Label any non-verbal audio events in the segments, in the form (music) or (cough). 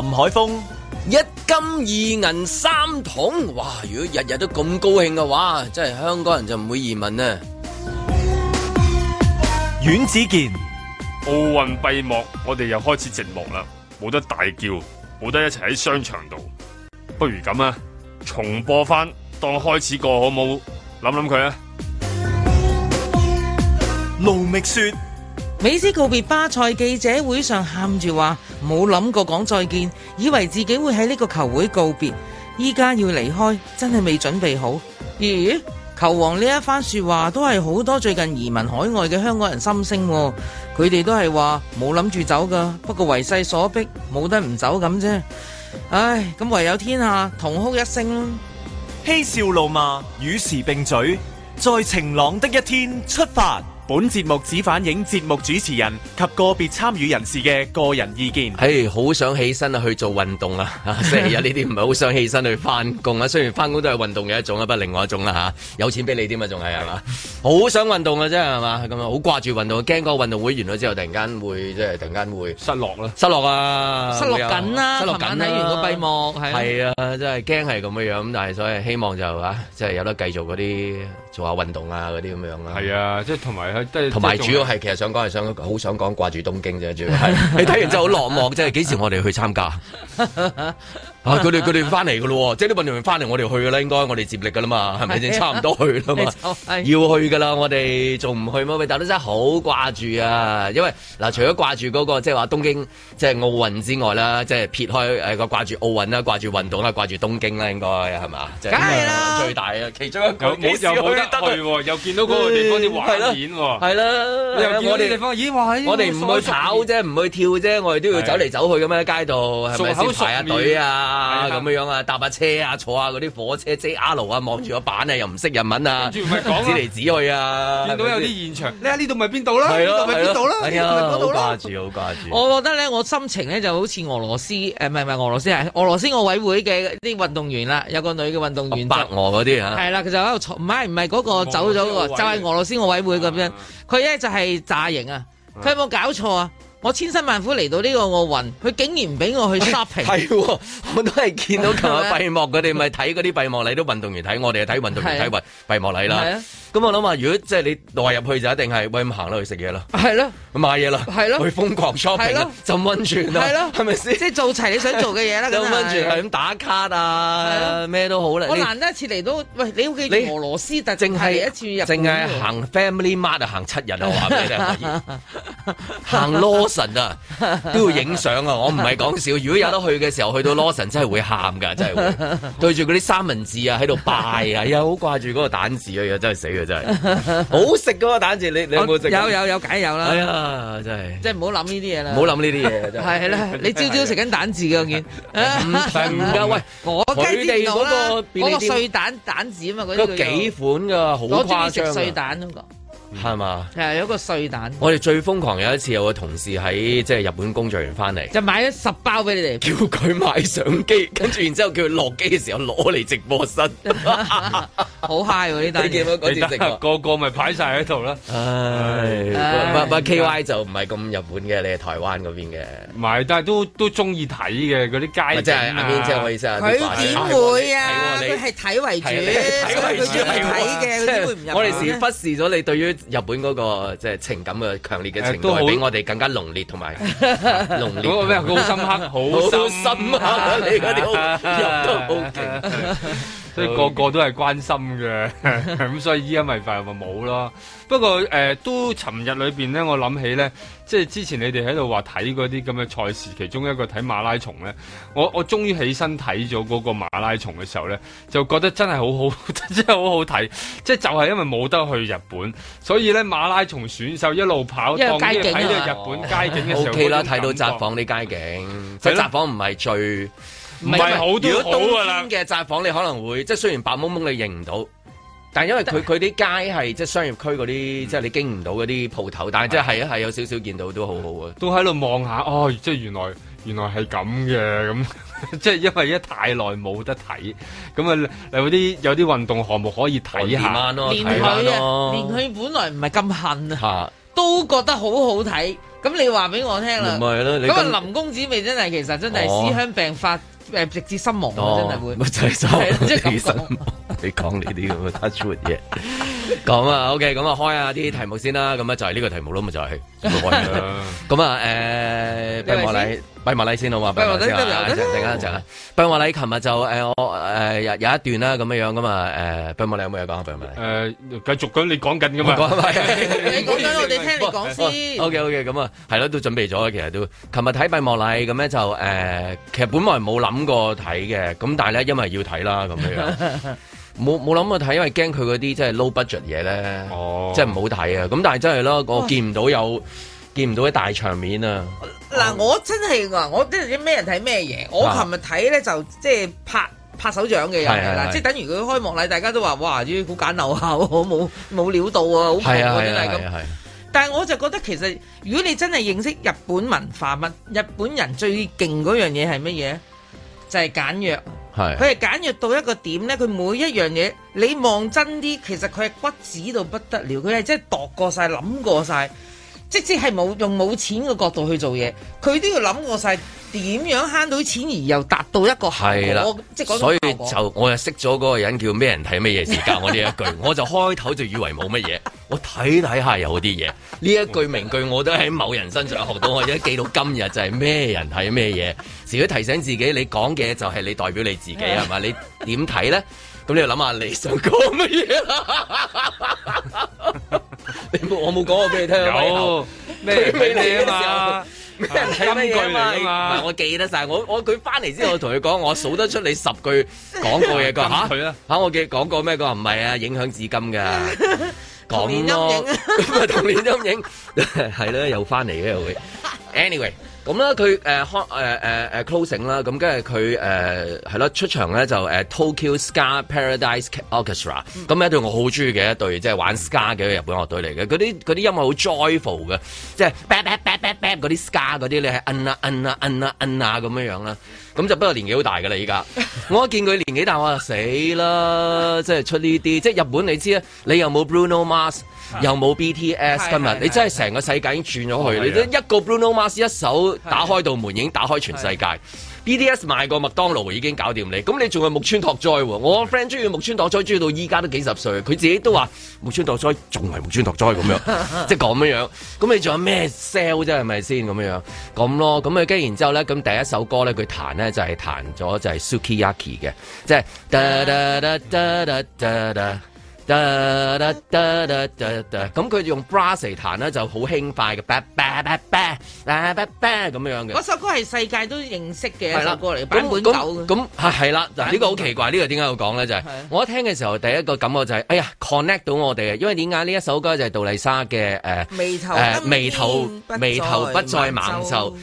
林海峰，一金二銀三銅，哇！如果日日都咁高興嘅話，真係香港人就唔會移民啦。阮子健，奧運閉幕，我哋又開始寂寞啦，冇得大叫，冇得一齊喺商場度，不如咁啊，重播翻當開始過好冇，諗諗佢啊。盧覓雪。美斯告別巴塞記者會上喊住話冇諗過講再見，以為自己會喺呢個球會告別，依家要離開真係未準備好。咦？球王呢一番說話都係好多最近移民海外嘅香港人心聲，佢哋都係話冇諗住走㗎，不過為勢所逼，冇得唔走咁啫。唉，咁唯有天下同哭一聲咯。嬉笑怒罵與時並舉，在晴朗的一天出發。本節目只反映節目主持人及個別參與人士嘅個人意見。唉、哎，好想起身啊，去做運動啊！即係有呢啲唔係好想起身去翻工啊。雖然翻工都係運動嘅一,一種啊，不另外一種啦吓。有錢俾你添啊，仲係係嘛？好想運動啊，真係係嘛？咁啊，好掛住運動，驚個運動會完咗之後突，突然間會即係突然間會失落咯，失落啊，失落緊啊有失落緊睇、啊、完個閉幕係係啊，係啊真係驚係咁嘅樣。咁但係所以希望就啊，即係有得繼續嗰啲。做下運動啊，嗰啲咁樣啊，係啊，即係同埋即係同埋主要係其實想講係想好想講掛住東京啫，主要係 (laughs) 你睇完之後係好落寞，即係幾時我哋去參加？ (laughs) 佢哋佢哋翻嚟噶咯，即係啲運動員翻嚟，我哋去噶啦，應該我哋接力噶啦嘛，係咪先？差唔多去啦嘛，要去噶啦，我哋仲唔去嘛，喂大佬真係好掛住啊！因為嗱，除咗掛住嗰個即係話東京即係奧運之外啦，即係撇開誒個掛住奧運啦、掛住運動啦、掛住東京啦，應該係嘛？梗係啦，最大啊！其中一又冇得去，又見到嗰個地方啲畫面，係啦，我哋地方咦？我哋唔去跑啫，唔去跳啫，我哋都要走嚟走去噉樣喺街度係咪先排下隊啊？啊咁嘅樣啊，搭架車啊，坐下嗰啲火車 JR 啊，望住個板啊，又唔識日文啊，唔係講指嚟指去啊，見到有啲現場，咧呢度咪邊度啦，呢度咪邊度啦，呢度咪嗰度啦，好掛住，好掛住。我覺得咧，我心情咧就好似俄羅斯誒，唔係唔係俄羅斯係俄羅斯奧委會嘅啲運動員啦，有個女嘅運動員，白俄嗰啲啊，係啦，佢就喺度坐，唔係唔係嗰個走咗個，就係俄羅斯奧委會咁樣，佢咧就係詐型啊，佢有冇搞錯啊？我千辛萬苦嚟到呢個奧運，佢竟然唔俾我去 shopping。係，我都係見到琴日閉幕，佢哋咪睇嗰啲閉幕禮，都運動員睇，我哋睇運動員睇運閉幕禮啦。咁我諗話，如果即係你落入去就一定係喂咁行落去食嘢啦，係咯，買嘢啦，係咯，去瘋狂 shopping 啦，浸溫泉啦，係咯，係咪先？即係做齊你想做嘅嘢啦。浸溫泉係咁打卡啊，咩都好。我難得一次嚟到，喂，你記得俄羅斯，淨係一次入，淨係行 family mart 啊，行七日啊，行路。神啊，都要影相啊！我唔係講笑，如果有得去嘅時候，去到羅神真係會喊噶，真係會對住嗰啲三文治啊，喺度拜啊，又好掛住嗰個蛋字啊，嘢，真係死啊，真係，好食噶個蛋字，你你有冇食？有有有，梗係有啦。係啊，真係，即係唔好諗呢啲嘢啦，唔好諗呢啲嘢。係啦，你朝朝食緊蛋字嘅我見唔同噶，喂，我哋嗰個嗰個碎蛋蛋字啊嘛，嗰幾款噶，好誇張啊！碎蛋係嘛？係有個碎蛋。我哋最瘋狂有一次，有個同事喺即係日本工作完翻嚟，就買咗十包俾你哋，叫佢買相機，跟住然之後叫佢落機嘅時候攞嚟直播室。好嗨喎！呢單你見唔到嗰段直播？個個咪擺晒喺度啦。唉，唔係唔係，K Y 就唔係咁日本嘅，你係台灣嗰邊嘅。唔係，但係都都中意睇嘅嗰啲街。即係阿邊即係可以。佢點會啊？係睇為主，睇嘅，我哋時忽視咗你對於日本嗰、那個即係、就是、情感嘅強烈嘅情感，比我哋更加濃烈同埋、啊、濃烈。咩？好深刻，好深刻、啊， (laughs) 你嗰啲入得好勁。 (laughs) 所以個個都係關心嘅，咁 (laughs) (laughs) 所以依家咪快咪冇咯。不過誒、呃，都尋日裏面咧，我諗起咧，即係之前你哋喺度話睇嗰啲咁嘅賽事，其中一個睇馬拉松咧，我我終於起身睇咗嗰個馬拉松嘅時候咧，就覺得真係好好，真係好好睇。即係就係、是、因為冇得去日本，所以咧馬拉松選手一路跑，因為街景、啊、日本街景嘅時候、哦 okay、啦，睇到札幌啲街景，其實札幌唔係最。唔係好多嘅啦。嘅窄房你可能會即係雖然白蒙蒙你認唔到，但係因為佢佢啲街係即係商業區嗰啲，即係你經唔到嗰啲鋪頭，但係即係係有少少見到都好好啊。都喺度望下，哦，即係原來原來係咁嘅咁，即係因為一太耐冇得睇，咁啊有啲有啲運動項目可以睇下咯，連佢啊，連佢本來唔係咁恨啊，都覺得好好睇。咁你話俾我聽啦，係咯，咁啊林公子咪真係其實真係思鄉病發。直至失望都真係會，唔係失望，失望。即係、就係、你講呢啲咁嘅特殊嘢，講啊 (laughs) ，OK，咁啊，開一下啲題目先啦。咁啊，就係呢個題目咯，咪就係、係。咁啊，誒， (laughs) 俾我嚟。閉幕禮先好嘛？閉幕禮，一陣，一陣，一陣，閉幕禮。琴日就誒，我誒有有一段啦，咁樣樣噶嘛。誒，閉幕禮有冇嘢講？閉幕禮，誒，繼續講你講緊咁嘛？講緊，你講緊我哋聽你講先。OK，OK，咁啊，係咯，都準備咗。其實都，琴日睇閉幕禮咁咧就誒，其實本來冇諗過睇嘅，咁但係咧因為要睇啦，咁樣樣，冇冇諗過睇，因為驚佢嗰啲即係 low budget 嘢咧，哦，即係唔好睇啊。咁但係真係咯，我見唔到有。見唔到啲大場面啊！嗱、啊，我真係話，我即係咩人睇咩嘢。我琴日睇咧就即係拍拍手掌嘅人啦。是是是即係等於佢開幕禮，大家都話哇，啲好簡陋口冇冇料到啊，好強啊真係咁。但係我就覺得其實，如果你真係認識日本文化，乜日本人最勁嗰樣嘢係乜嘢？就係、是、簡約。係佢係簡約到一個點咧，佢每一樣嘢你望真啲，其實佢係骨子到不得了。佢係真係度過曬，諗過曬。即係冇用冇錢嘅角度去做嘢，佢都要諗過晒點樣慳到錢，而又達到一個係啦。的即所以就我又識咗嗰個人叫咩人睇咩嘢時間我呢一句， (laughs) 我就開頭就以為冇乜嘢，我睇睇下有啲嘢。呢一句名句我都喺某人身上學到，我而家記到今日就係咩人睇咩嘢事，要提醒自己，你講嘅就係你代表你自己係嘛？ (laughs) 你點睇咧？咁你又諗下你想講乜嘢？你冇我冇講過俾你聽，有推俾你啊嘛，啲金句嚟啊嘛。我記得晒，我我佢翻嚟之後，我同佢講，我數得出你十句講過嘢噶。吓吓，我記講過咩噶？唔係啊，影響至今噶。咁咯，童年陰影係咯，又翻嚟嘅會。Anyway。咁咧佢誒開誒誒誒 closing 啦，咁跟住佢誒係咯出場咧就誒 Tokyo Ska Paradise Orchestra，咁一隊我好中意嘅一隊即係玩 ska 嘅日本樂隊嚟嘅，嗰啲嗰啲音樂好 joyful 嘅，即係 bang bang bang bang bang 嗰啲 ska 嗰啲你係摁啊摁啊摁啊摁啊咁樣樣啦。咁就不過年紀好大㗎啦！依家我一見佢年紀大，我就死啦！ (laughs) 即係出呢啲，即係日本你知啦，你又冇 Bruno Mars, (laughs) 又冇 Bruno Mars，又冇 BTS 今日，你真係成個世界已經轉咗去， (laughs) 你都一個 Bruno Mars 一手打開道門已經打開全世界。 (laughs) (laughs) BDS 賣個麥當勞已經搞掂你，咁你仲係木村拓哉喎？我個 friend 中意木村拓哉，追到依家都幾十歲，佢自己都話木村拓哉仲係木村拓哉咁樣，即係咁樣。咁你仲有咩 sell 啫？係咪先咁樣咁咯？咁啊，跟然之後咧，咁第一首歌咧，佢彈咧就係彈咗就係 Sukiyaki 嘅，即係。噠噠噠噠噠咁佢用 brass 彈咧就好輕快嘅，ba ba ba ba ba ba ba 咁樣嘅。嗰首歌係世界都認識嘅一首歌嚟，根本走嘅。咁啊係啦，嗱呢個好奇怪，呢個點解要講咧？就係我一聽嘅時候，第一個感覺就係，哎呀 connect 到我哋嘅，因為點解呢一首歌就係杜麗莎嘅誒誒眉頭眉頭不再猛皺。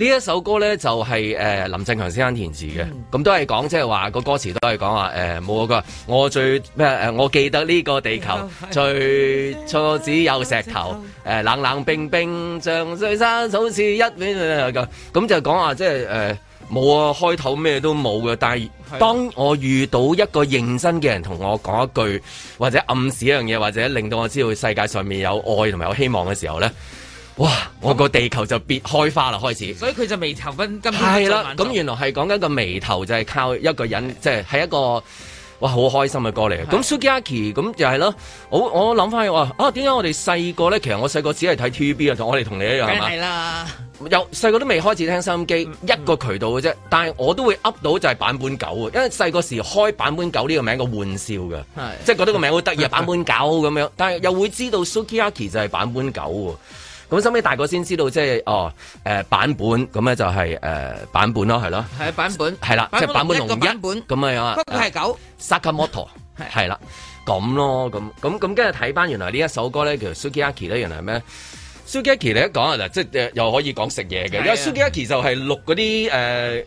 呢一首歌咧就係、是、誒、呃、林振強先生填詞嘅，咁、嗯、都係講即係話個歌詞都係講話誒冇個我最咩誒、呃、我記得呢個地球的最初只有石頭誒、呃、冷冷冰冰像雪山好似一片咁、嗯嗯嗯嗯、就講話即係誒冇啊，開頭咩都冇嘅，但係的當我遇到一個認真嘅人同我講一句或者暗示一樣嘢，或者令到我知道世界上面有愛同埋有希望嘅時候咧，哇！我個地球就變開，開花啦，那開始。所以佢就眉頭分今日啦，咁原來係講緊個眉頭就係靠一個人，即係的一個哇好開心嘅歌嚟。咁的 Sukiyaki 咁就係、是、咯。我我諗翻去話啊，點解我哋細個咧？ (laughs) 其實我細個只係睇 TVB 啊，同我哋同你一樣係啦。又細個都未開始聽收音機，嗯嗯、一個渠道嘅啫。但係我都會噏到就係版本九喎，因為細個時候開版本九呢個名個玩笑嘅，即係的覺得個名好得意版本九咁樣。但係又會知道 Sukiyaki 就係版本九喎。咁收尾大個先知道，即係哦，誒、呃、版本，咁咧就係、是、誒、呃、版本咯，係咯，係版本，係啦了，即係版，版本龍一，版本咁啊，不過係九 Sakamoto 係係啦，咁咯，咁咁咁跟住睇返原來呢一首歌咧，叫 Sukiyaki 咧，原來係咩？蘇吉 k i 你一講下嗱，即係又可以講食嘢嘅。啊、因而蘇吉 k i 就係渌嗰啲誒，呃、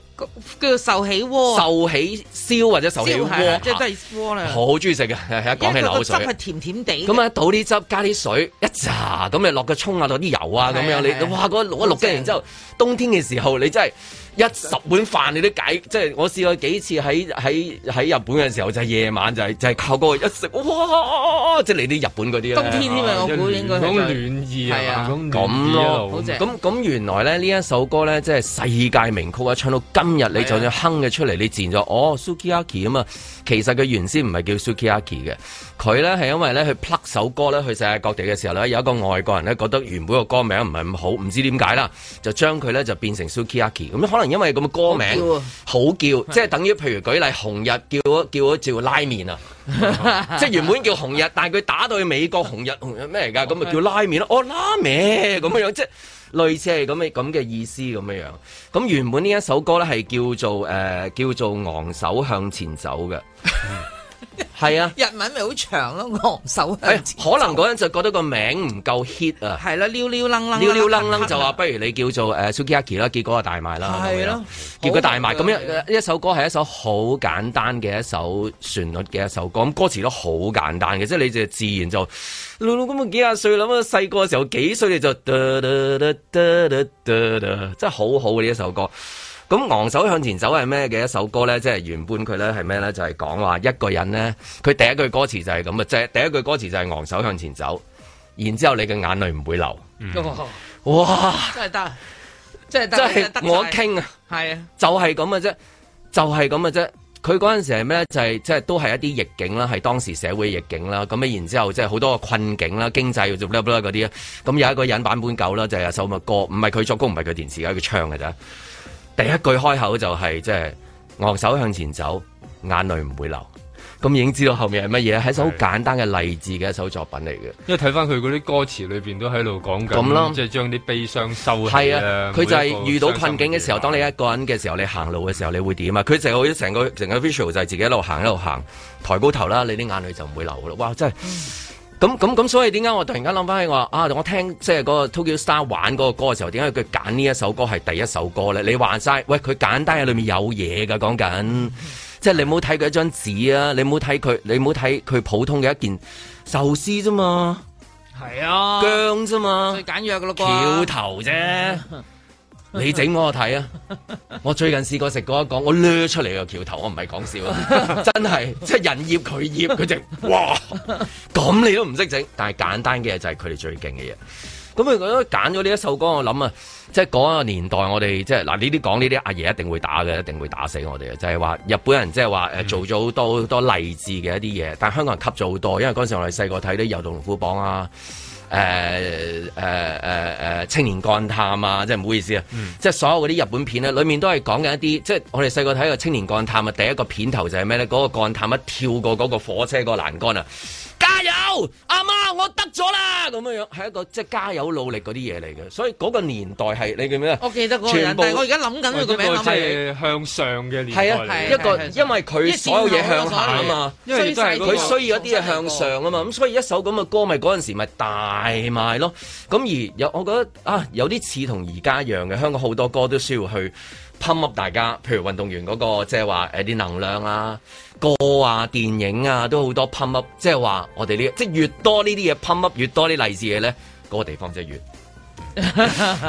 叫做壽喜鍋、壽喜燒或者壽喜鍋，即係鍋好中意食嘅，一講起樓水。汁係甜甜地，咁啊，倒啲汁，加啲水，一揸咁啊，落個葱啊，落啲油啊，咁樣你，哇，嗰渌一渌嘅，然之後棒冬天嘅時候，你真係～一十碗飯你都解，即係我試過幾次喺喺喺日本嘅時候就係、是、夜晚就係、是、就係、是、靠嗰個一食，哇！即係你啲日本嗰啲冬天添啊，我估原 應該好暖意係、就是、啊，咁咯，好正。咁咁原來咧呢一首歌咧，即係世界名曲啊！唱到今日、啊，你就算哼嘅出嚟，你自咗哦，Sukiyaki 啊嘛。其實佢原先唔係叫 Sukiyaki 嘅，佢咧係因為咧佢 plug 首歌咧去世界各地嘅時候咧，有一個外國人咧覺得原本個歌名唔係咁好，唔知點解啦，就將佢咧就變成 Sukiyaki、嗯可能可能因為咁嘅歌名好叫，即係等於譬如舉例，紅日叫咗叫咗做拉麵啊，即係原本叫紅日，但係佢打到去美國，紅日紅日咩嚟㗎？咁咪叫拉麵咯，哦拉咩咁樣？即係類似係咁嘅咁嘅意思咁樣樣。咁原本呢一首歌咧係叫做誒叫做昂首向前走嘅。係啊，日文咪好長咯，昂首向前，可能嗰陣就覺得個名唔夠 hit 啊。係啦，溜溜楞楞，溜溜楞楞就話不如你叫做誒，Sukiyaki 啦，結果就大賣啦。係啦，結果大賣。咁一一首歌係一首好簡單嘅一首旋律嘅一首歌，咁歌詞都好簡單嘅，即係你就自然就老老咁啊，幾廿歲諗啊，細個嘅時候幾歲你就，真係好好嘅呢一首歌。咁昂首向前走係咩嘅一首歌咧？即係原本佢咧係咩咧？就係講話一個人咧，佢第一句歌詞就係咁嘅，即係第一句歌詞就係昂首向前走，然之後你嘅眼淚唔會流。嗯、哇！真係得，即係真係得我傾聊啊！係啊的，就係咁嘅啫，就係咁嘅啫。佢嗰陣時係咩咧？就係即係都係一啲逆境啦，係當時社會逆境啦。咁啊，然之後即係好多個困境啦、經濟嘅就 up 啦嗰啲。咁有一個人版本夠啦，就係、是、有首乜歌，唔係佢作曲，唔係佢電視，佢唱嘅咋。第一句開口就係即係昂首向前走，眼淚唔會流。咁已經知道後面係乜嘢，係一首好簡單嘅勵志嘅一首作品嚟嘅。因為睇翻佢嗰啲歌詞裏面都喺度講緊，即係將啲悲傷收起啦。佢、啊、就係遇到困境嘅時候，當你一個人嘅時候，你行路嘅時候，你會點啊？佢成個成個成個 visual 就係自己一路行一路行，抬高頭啦，你啲眼淚就唔會流啦。哇！真係～ (laughs) 咁咁咁，所以點解我突然間諗翻起我話啊？我聽即係嗰個 Tokyo Star 玩嗰個歌嘅時候，點解佢揀呢一首歌係第一首歌咧？你話晒，喂，佢簡單喺裏面有嘢噶，講緊，即係 (laughs) 你唔好睇佢一張紙啊，你唔好睇佢，你唔好睇佢普通嘅一件壽司啫嘛，係啊，姜啫嘛，最簡約個咯，橋頭啫。 (laughs) 你整我睇啊！我最近試過食過一個，我掠出嚟個橋頭，我唔係講笑，真係即係人業佢業佢整，哇！咁你都唔識整，但係簡單嘅嘢就係佢哋最勁嘅嘢。咁啊，我都揀咗呢一首歌，我諗啊，即係嗰個年代我，我哋即係嗱呢啲講呢啲阿爺一定會打嘅，一定會打死我哋嘅，就係、是、話日本人即係話誒做咗好多好多勵志嘅一啲嘢，但係香港人吸咗好多，因為嗰陣時我哋細個睇啲《柔道龍虎榜》啊。誒誒、呃呃呃、青年幹探啊，即係唔好意思啊，即係、嗯、所有嗰啲日本片咧，裏面都係講緊一啲，即係我哋細個睇過青年幹探啊，第一個片頭就係咩咧？嗰、嗰個幹探一跳過嗰個火車個欄杆啊！加油，阿媽，我得咗啦！咁樣樣係一個即係、就是、加油努力嗰啲嘢嚟嘅，所以嗰個年代係你叫咩？我記得嗰個人，部但我而家諗緊佢個名係向上嘅年代嚟。係啊，一個因為佢所有嘢向下啊嘛，因為就係佢需要一啲嘢向上啊嘛，咁所以一首咁嘅歌咪嗰陣時咪大賣咯。咁而有，我覺得啊，有啲似同而家一樣嘅，香港好多歌都需要去。pump up 大家，譬如運動員嗰、那個即係話誒啲能量啊，歌啊、電影啊都好多 pump up，即係話我哋、這個就是、呢，即係越多呢啲嘢 pump up，越多啲勵志嘢咧，嗰個地方即係越， (laughs)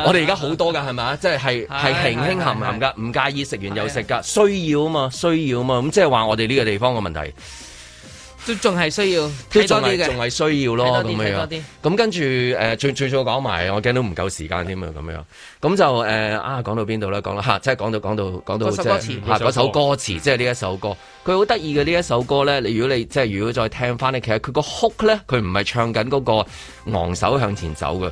我哋而家好多噶，係咪？ (laughs) 即係係係興興鹹鹹噶，唔介意食完又食噶，需要啊嘛，需要啊嘛，咁即係話我哋呢個地方嘅問題。都仲係需要，都仲係仲係需要咯咁樣。咁跟住誒、呃，最最早講埋，我驚都唔夠時間添啊咁樣，咁就誒啊，講到邊度咧？講啦嚇，即係講到講到講到即係嚇嗰首歌詞、啊、即係呢一首歌。佢好得意嘅呢一首歌咧，你如果你即係如果再聽翻咧，其實佢個哭咧，佢唔係唱緊嗰個昂首向前走嘅，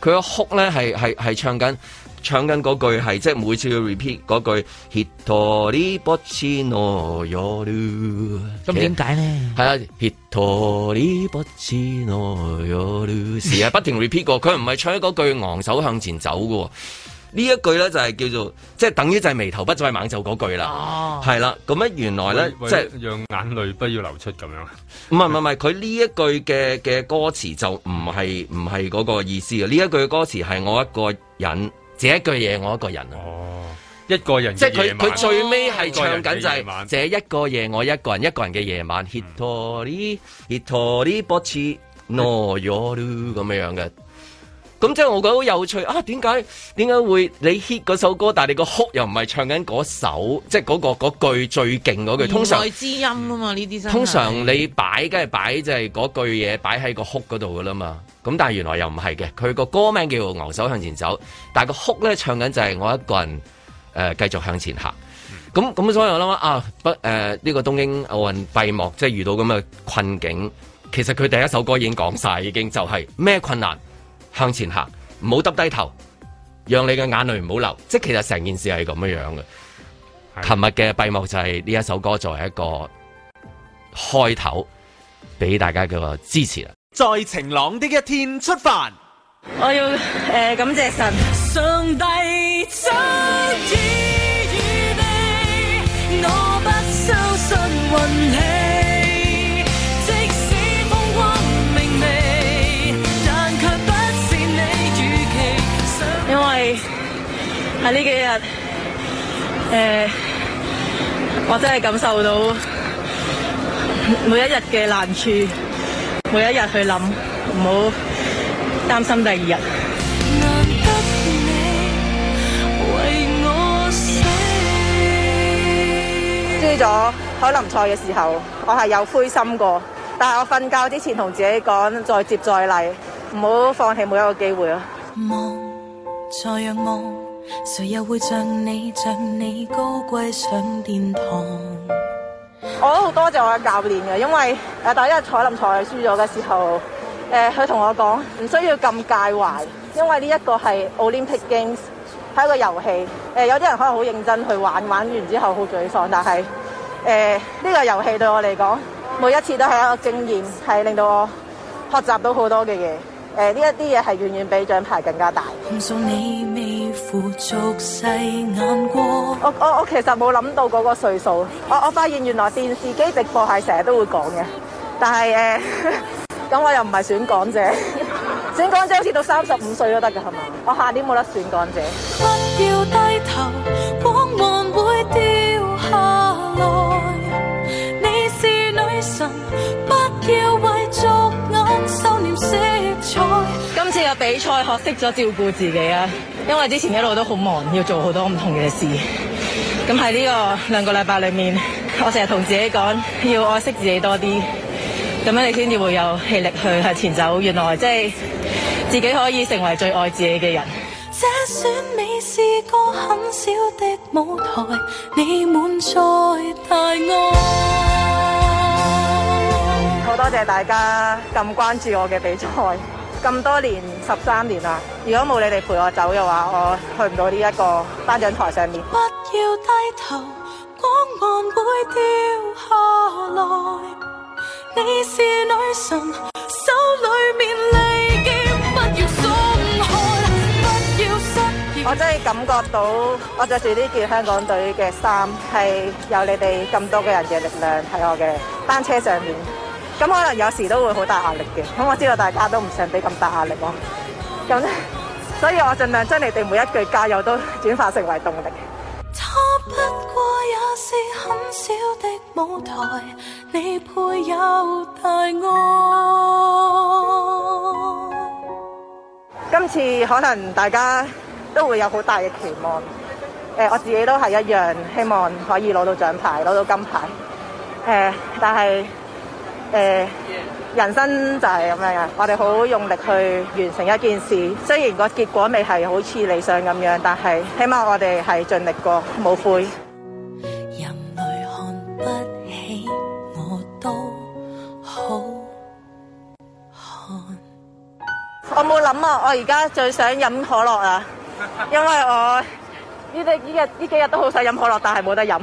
佢嘅哭咧係係係唱緊。唱緊嗰句係，即係每次要 repeat 嗰句 hitoli butino yo lu 咁點解呢？係啊 hitoli butino yo lu 時啊不停 repeat 過，佢唔係唱嗰句昂首向前走喎。呢一句呢，就係、是、叫做即係等於就係「眉頭不再猛皺」嗰句啦。係啦咁樣原來呢，即係會、就是、讓眼淚不要流出咁樣啊？唔係唔係佢呢一句嘅嘅歌詞就唔係，唔係嗰個意思啊？呢一句嘅歌詞係我一個人。這一句嘢我一個人啊、哦，一個人即係佢佢最尾係唱緊就係、是、這一個夜我一個人，一個人嘅夜晚 h i t o r i h i t o r i bachi no yo do 咁樣樣嘅。咁即係我覺得好有趣啊！點解點解會你 hit 嗰首歌，但係你個哭又唔係唱緊嗰首，即係嗰個嗰句最勁嗰句。通常知音啊嘛，呢啲通常你擺梗係擺即係嗰句嘢擺喺個哭嗰度噶啦嘛。咁但係原來又唔係嘅，佢個歌名叫做《牛首向前走》，但係個哭咧唱緊就係我一個人誒繼、呃、續向前行。咁咁所以我諗啊不誒呢、呃呢個東京奧運閉幕即係、即係、遇到咁嘅困境，其實佢第一首歌已經講晒， (laughs) 已經就係咩困難。向前行，唔好耷低頭，讓你嘅眼淚唔好流，即係其實成件事係咁樣樣嘅。琴日嘅閉幕就係呢一首歌作為一個開頭，俾大家嘅支持啦。在晴朗的一天出發，我要誒、呃、感謝神。上帝早已預備，我不相信運氣喺呢幾日，誒，我真係感受到每一日嘅難處，每一日去諗，唔好擔心第二日。難得見你為我死。輸咗海林賽嘅時候，我係有灰心過，但係我瞓覺之前同自己講，再接再厲，唔好放棄每一個機會咯。夢在讓夢。誰又會像你像你高貴上殿堂？我都好多謝我嘅教練嘅，因為誒第一日彩林彩輸咗嘅時候，誒佢同我講唔需要咁介懷，因為呢一個係 Olympic Games 係一個遊戲，誒、呃、有啲人可能好認真去玩，玩完之後好沮喪，但係誒呢個遊戲對我嚟講，每一次都係一個經驗，係令到我學習到好多嘅嘢。誒呢一啲嘢係遠遠比獎牌更加大我我。我其實冇諗到嗰個歲數。我我發現原來電視機直播係成日都會講嘅，但係咁、呃、我又唔係選港姐，選港姐好似到三十五歲都得㗎係咪？我下年冇得選港姐。比賽學識咗照顧自己啊！因為之前一路都好忙，要做好多唔同嘅事。咁喺呢個兩個禮拜裏面，我成日同自己講要愛惜自己多啲，咁樣你先至會有氣力去向前走。原來即係、就是、自己可以成為最愛自己嘅人。這選美是個很小的舞台，你滿載大愛。好 (noise) 多樂謝大家咁關注我嘅比賽。咁多年十三年啦，如果冇你哋陪我走嘅話，我去唔到呢一個頒獎台上面。不要低頭，光芒會掉下來。你是女神，手裏面利劍，不要鬆開，不要失意。我真係感覺到，我着住呢件香港隊嘅衫，係有你哋咁多嘅人嘅力量喺我嘅單車上面。咁可能有時都會好大壓力嘅，咁我知道大家都唔想俾咁大壓力咯。咁，所以我盡量將你哋每一句加油都轉化成為動力。差不過也是很小的舞台，你配有大愛。今次可能大家都會有好大嘅期望，誒，我自己都係一樣，希望可以攞到獎牌，攞到金牌。誒，但係。誒，人生就係咁樣嘅，我哋好用力去完成一件事，雖然個結果未係好似理想咁樣，但係起碼我哋係盡力過，冇悔。人類看不起我都好。我冇諗啊，我而家最想飲可樂啊，因為我呢啲呢日呢幾日都好想飲可樂，但係冇得飲。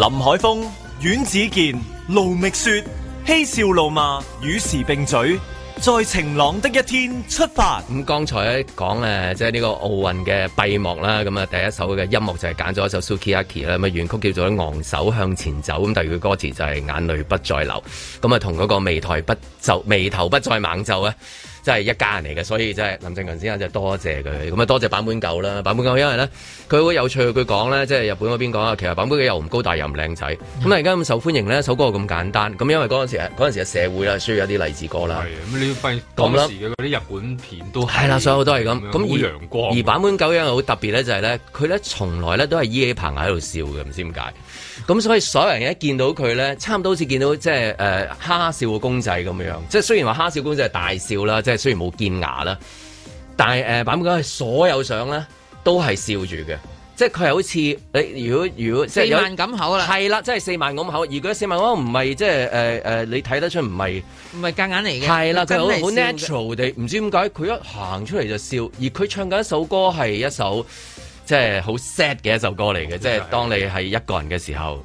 林海峰、阮子健、盧覓雪、嬉笑怒罵、與時並嘴、在晴朗的一天出發。咁剛才咧講誒，即係呢個奧運嘅閉幕啦。咁啊，第一首嘅音樂就係揀咗一首 Sukiyaki 啦，咁啊原曲叫做《昂首向前走》，咁第二句歌詞就係、是、眼淚不再流，咁啊同嗰個眉台不皺，眉頭不再猛皺啊。即係一家人嚟嘅，所以即係林振強先生真係多謝佢，咁啊多謝版本狗啦，版本狗因為咧佢好有趣呢，佢講咧即係日本嗰邊講啊，其實版本狗又唔高大又唔靚仔，咁啊而家咁受歡迎呢首歌又咁簡單，咁因為嗰陣時嗰陣時嘅社會咧需要一啲勵志歌啦。咁你費咁時嘅嗰啲日本片都係啦，所有都係咁咁陽光而版本狗一樣好特別咧、就係，就係咧佢咧從來咧都係依起棚牙喺度笑嘅，唔知點解。咁、嗯、所以所有人一見到佢咧，差唔多好似見到即係誒、呃、哈哈笑嘅公仔咁樣，即係雖然話哈哈笑公仔係大笑啦，即係。雖然冇見牙啦，但係誒，版本講係所有相咧都係笑住嘅，即係佢係好似你如，如果如果即係四萬咁口啦，係啦，即係四萬咁口。而嗰四萬咁口唔係即係誒誒，你睇得出唔係唔係夾硬嚟嘅，係啦了，佢好好 natural 地，唔知點解佢一行出嚟就笑，而佢唱緊一首歌係一首即係好 sad 嘅一首歌嚟嘅，即係當你係一個人嘅時候。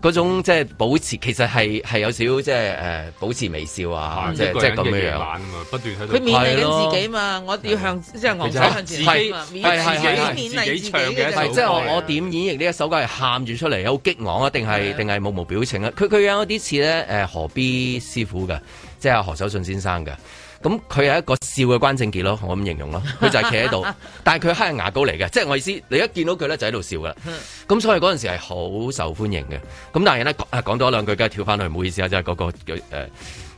嗰種即係保持，其實係係有少少即係誒保持微笑啊，即即係咁樣樣佢勉勵緊自己嘛，我要向即係我向自己勉勵自己。勉勵自己嘅即係我我點演繹呢一首歌係喊住出嚟，有激昂啊，定係定係冇無表情啊？佢佢有啲似咧誒何必師傅嘅，即係何守信先生嘅。咁佢係一個笑嘅關正傑咯，我咁形容咯，佢就係企喺度， (laughs) 但係佢黑係牙膏嚟嘅，即係我意思，你一見到佢咧就喺度笑噶啦，咁 (laughs) 所以嗰陣時係好受歡迎嘅。咁但係咧講講多兩句，梗係跳翻去，唔好意思啊，真係嗰個呃、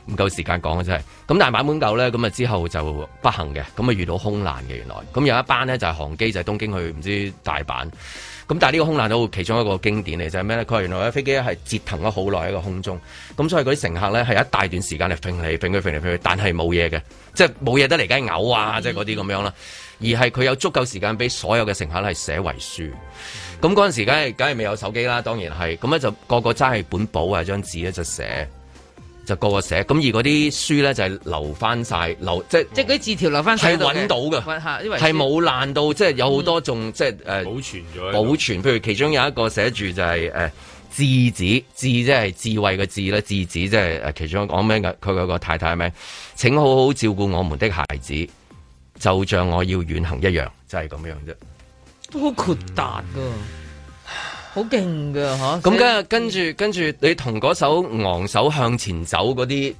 唔夠時間講啊，真係。咁但係坂本九咧，咁啊之後就不幸嘅，咁啊遇到空難嘅原來。咁有一班呢，就係、是、航機就係、是、東京去唔知大阪。咁但係呢個空難都其中一個經典嚟就係咩咧？佢原來咧飛機咧係折騰咗好耐喺個空中，咁所以嗰啲乘客咧係一大段時間嚟揈嚟揈佢揈嚟揈佢，但係冇嘢嘅，即係冇嘢得嚟梗係嘔啊，即係嗰啲咁樣啦，而係佢有足夠時間俾所有嘅乘客咧係寫遺書。咁嗰陣時梗係梗係未有手機啦，當然係，咁咧就個個揸係本簿啊、張紙咧就寫。就個個寫咁，而嗰啲書咧就係、是、留翻晒留即、嗯、即嗰啲字條留翻係揾到噶，係冇爛到，即係有好多仲，即係誒保存咗保存。譬如其中有一個寫住就係、是、誒、呃、智子智即係智慧嘅智咧，智子即係誒其中講咩嘅，佢個太太咩請好好照顧我們的孩子，就像我要遠行一樣，就係、是、咁樣啫，都好豁達噶。好勁噶吓！咁跟住跟住，你同嗰首昂首向前走嗰啲，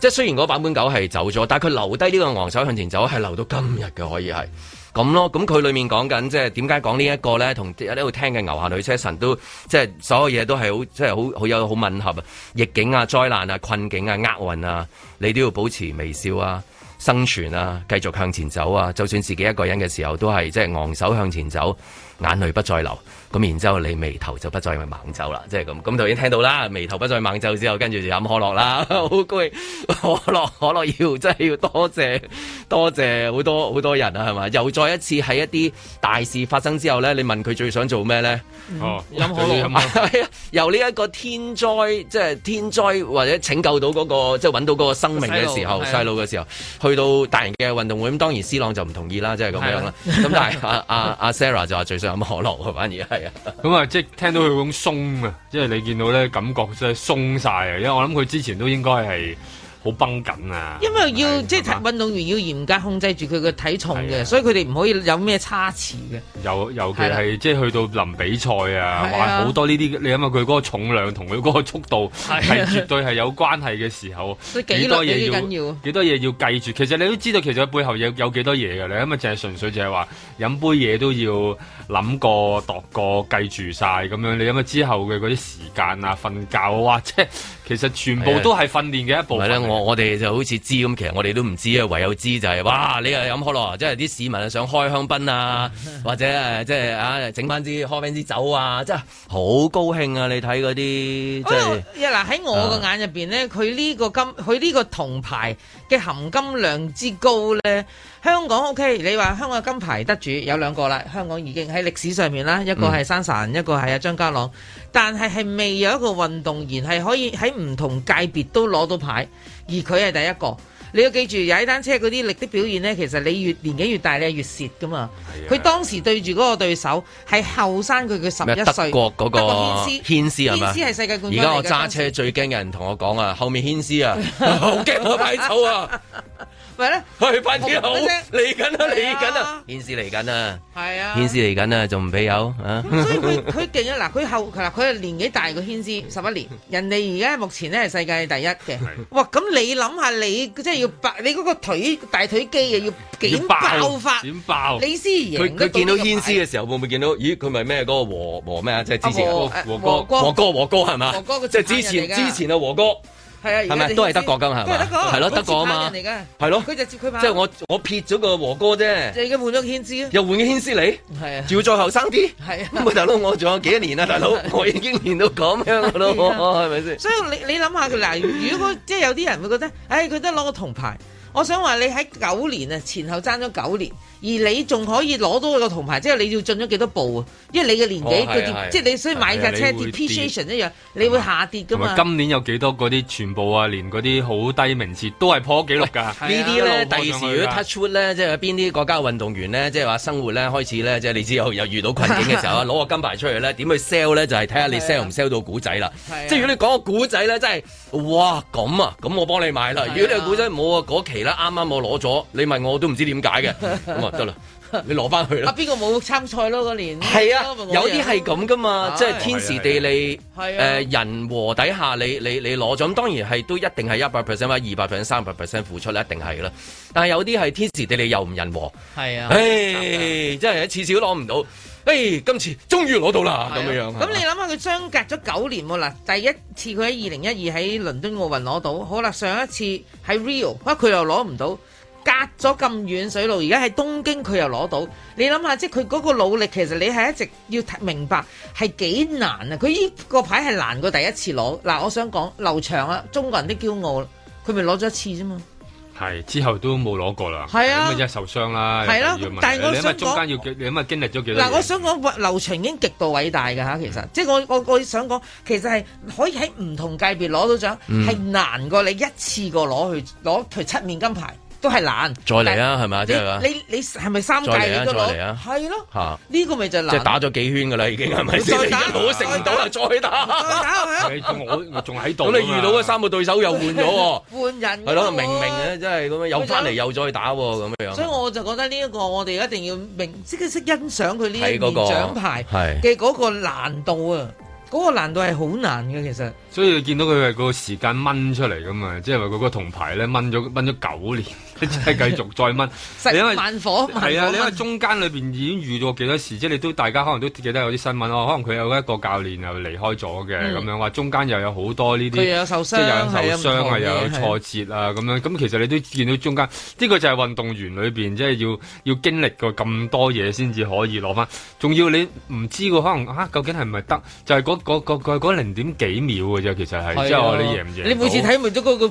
即係雖然嗰版本狗係走咗，但係佢留低呢個昂首向前走係留到今日嘅，可以係咁咯。咁佢裏面講緊即係點解講呢一個呢？同呢度聽嘅牛下女車神都即係所有嘢都係好，即係好好有好吻合啊！逆境啊、災難啊、困境啊、厄運啊，你都要保持微笑啊、生存啊、繼續向前走啊，就算自己一個人嘅時候都係即係昂首向前走。眼淚不再流，咁然之後你眉頭就不再猛皺啦，即係咁，咁就已經聽到啦。眉頭不再猛皺之後，跟住就飲可樂啦，好攰，可樂可樂要真係要多謝多謝好多好多人啊，係咪？又再一次喺一啲大事發生之後呢，你問佢最想做咩呢？哦、嗯，飲、啊、可樂。啊、由呢一個天災，即、就、係、是、天災或者拯救到嗰、那個，即係揾到嗰個生命嘅時候，細路嘅時候，啊、去到大型嘅運動會，咁當然 C 朗就唔同意啦，即係咁樣啦。咁、啊、但係阿阿 Sarah 就話最想有乜可樂啊？反而係啊，咁啊，即係聽到佢嗰種鬆啊， (laughs) 即係你見到咧，感覺真係鬆晒啊，因為我諗佢之前都應該係，好繃緊啊！因為要即係、就是、運動員要嚴格控制住佢個體重嘅，嗎所以佢哋唔可以有咩差池嘅、啊。尤尤其係即係去到臨比賽啊，話好、啊、多呢啲，你諗下佢嗰個重量同佢嗰個速度係絕對係有關係嘅時候，幾、啊、多嘢要幾多嘢要計住。其實你都知道，其實背後有有幾多嘢嘅。你諗下，淨係純粹就係話飲杯嘢都要諗過度過計住晒咁樣。你諗下之後嘅嗰啲時間啊、瞓覺啊，哇、就是，即係～其實全部都係訓練嘅一部分。係咧，我我哋就好似知咁，其實我哋都唔知啊，唯有知就係、是，哇！你又飲可樂，即係啲市民啊，想開香檳啊， (laughs) 或者誒，即係啊，整翻支開翻支酒啊，即係好高興啊！你睇嗰啲，即係嗱喺我個眼入邊咧，佢呢、嗯、個金，佢呢個銅牌嘅含金量之高咧。香港 OK，你話香港嘅金牌得主有兩個啦，香港已經喺歷史上面啦，一個係珊神，嗯、一個係阿張家朗，但係係未有一個運動員係可以喺唔同界別都攞到牌，而佢係第一個。你要記住踩單車嗰啲力的表現呢，其實你越年紀越大，你係越蝕噶嘛。佢、啊、當時對住嗰個對手係後生佢嘅十一歲。他他德國嗰、那個？Hinze 係世界冠軍，而家我揸車時最驚嘅人，同我講啊，後面 Hinze 啊， (laughs) 啊，好驚我踩走啊！ (laughs) 咪咧，係潘子好嚟緊啦，嚟緊啦，軒師嚟緊啊。係啊，軒師嚟緊啊，仲唔俾有啊？所以佢佢勁啊！嗱，佢後佢佢啊年紀大過軒師十一年，人哋而家目前咧係世界第一嘅。哇！咁你諗下，你即係要你嗰個腿大腿肌啊要幾爆發？點爆？李思瑩佢佢見到軒師嘅時候，會唔會見到？咦，佢咪咩嗰個和和咩啊？即係之前嗰個和哥和哥和哥係嘛？即係之前之前啊和哥。係，係咪都係德國噶係嘛？係咯，德國啊嘛。係咯，佢就接佢拍。即係我，我撇咗個和哥啫。即係佢換咗天師，又換咗天師你？係啊，要再後生啲。係啊，咁啊，大佬，我仲有幾多年啊？大佬，我已經練到咁樣噶咯，係咪先？所以你你諗下佢嗱，如果即係有啲人會覺得，唉，佢都攞個銅牌。我想話你喺九年啊前後爭咗九年。而你仲可以攞到個銅牌，即係你要進咗幾多步啊？因為你嘅年紀，佢、哦啊啊、即係你所以買架車，depreciation 一樣，啊、你，會你會下跌㗎嘛？今年有幾多嗰啲全部啊？連嗰啲好低名次都係破紀錄㗎。呢啲、哎啊、呢，第二時如果 touch wood 咧，即係邊啲國家運動員咧，即係話生活咧開始咧，即係你之後又遇到困境嘅時候啊，攞 (laughs) 個金牌出嚟咧，點去 sell 咧？就係睇下你 sell 唔 sell 到古仔啦。啊、即係如果你講個古仔咧，真係哇咁啊，咁我幫你買啦。啊、如果你個古仔冇啊，嗰期咧啱啱我攞咗，你問我，我都唔知點解嘅得啦，你攞翻去啦。啊，邊個冇參賽咯、啊？嗰年係啊，有啲係咁噶嘛，啊、即係天時地利，誒、啊、人和底下你，你你你攞咗，咁當然係都一定係一百 percent 或二百 percent、三百 percent 付出咧，一定係啦。但係有啲係天時地利又唔人和，係啊，唉嘿，真係一次少攞唔到，唉，今次終於攞到啦，咁樣、啊、樣。咁、啊、吧你諗下佢相隔咗九年喎嗱，第一次佢喺二零一二喺倫敦奧運攞到，好啦，上一次喺 Rio，啊佢又攞唔到。隔咗咁遠水路，而家喺東京佢又攞到。你諗下，即係佢嗰個努力，其實你係一直要明白係幾難啊！佢依個牌係難過第一次攞。嗱，我想講劉翔啊，中國人的驕傲，佢咪攞咗一次啫嘛。係，之後都冇攞過啦。係啊，咁啊，受傷啦。係咯，但係我想講，你咁啊，經歷咗幾多嗱，我想講劉翔已經極度偉大㗎。其實、嗯、即係我我我想講，其實係可以喺唔同界別攞到獎，係、嗯、難過你一次過攞去攞佢七面金牌。都係難，再嚟啊，係咪？即係你你係咪三計都攞？係咯，吓呢個咪就難。即係打咗幾圈噶啦，已經係咪先？再打，好成打，再打。我我仲喺度。咁你遇到三個對手又換咗，換人係咯，明明嘅，即係咁樣又翻嚟又再打咁樣。所以我就覺得呢一個我哋一定要明，即係識欣賞佢呢個獎牌嘅嗰個難度啊，嗰個難度係好難嘅其實。所以你見到佢係個時間掹出嚟噶啊，即係話佢個銅牌咧掹咗掹咗九年。即係 (laughs) 繼續再掹，火因為慢火萬啊！你因為中間裏面已經遇咗幾多事，即係你都大家可能都記得有啲新聞咯、哦。可能佢有一個教練又離開咗嘅，咁、嗯、樣話中間又有好多呢啲，即又有受傷係啊，又有挫折啊，咁、啊、樣。咁、嗯、其實你都見到中間，呢、呢個就係運動員裏面，即係要要經歷過咁多嘢先至可以攞翻。仲要你唔知個可能嚇、啊、究竟係唔係得？就係嗰嗰零點幾秒嘅啫。其實係，即係我你贏唔贏，你每次睇咗嗰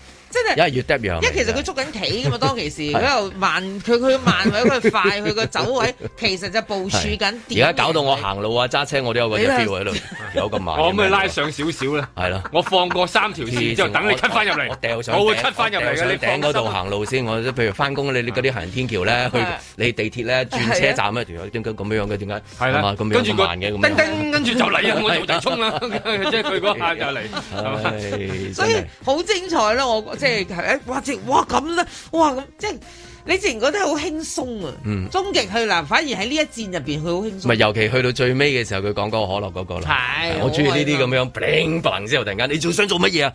真係，因為越嗒越因為其實佢捉緊企噶嘛，當其時佢又慢，佢佢慢，或者佢快，佢個走位其實就部署緊。而家搞到我行路啊、揸車，我都有個目標喺度，有咁慢。我咪拉上少少啦，係咯，我放過三條線之後等你 cut 翻入嚟，掉上。我會 cut 翻入嚟嘅。你頂嗰度行路先，我都譬如翻工，你嗰啲行天橋咧，去你地鐵咧轉車站咧，點解咁樣嘅？點解係啦？咁樣咁跟住就嚟啊！我就就衝啦，即係佢嗰下就嚟。所以好精彩啦，我。嗯、即係係誒，或者哇咁啦，哇咁即係你自然覺得好輕鬆啊！嗯，終極去啦，反而喺呢一戰入邊，佢好輕鬆。尤其去到最尾嘅時候，佢講嗰個可樂嗰個啦，我中意呢啲咁樣 bling bling 之後突然間，你仲想做乜嘢啊？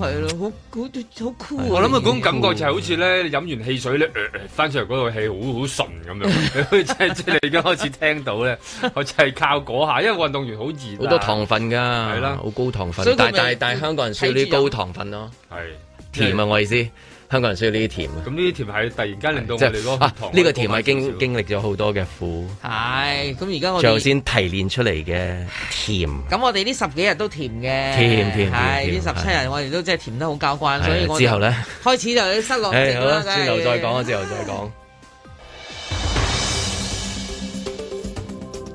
係咯，好好好 cool 啊，我諗啊，嗰種感覺就係好似咧，飲完汽水咧，翻出嚟嗰度氣好好純咁樣，即即、 (laughs) 即係即係、你而家開始聽到咧， (laughs) 我就係靠嗰下，因為運動員好熱好多糖分噶，係啦的，好高糖分，但但但香港人需要啲高糖分咯、啊，係甜唔我意思。香港人需要呢啲甜，咁呢啲甜係突然間令到我哋咯，呢個甜係經經歷咗好多嘅苦，係，咁而家我最後先提煉出嚟嘅甜，咁我哋呢十幾日都甜嘅，甜甜係呢十七日我哋都真係甜得好交關，所以之後咧開始就有啲失落，之後再講，之後再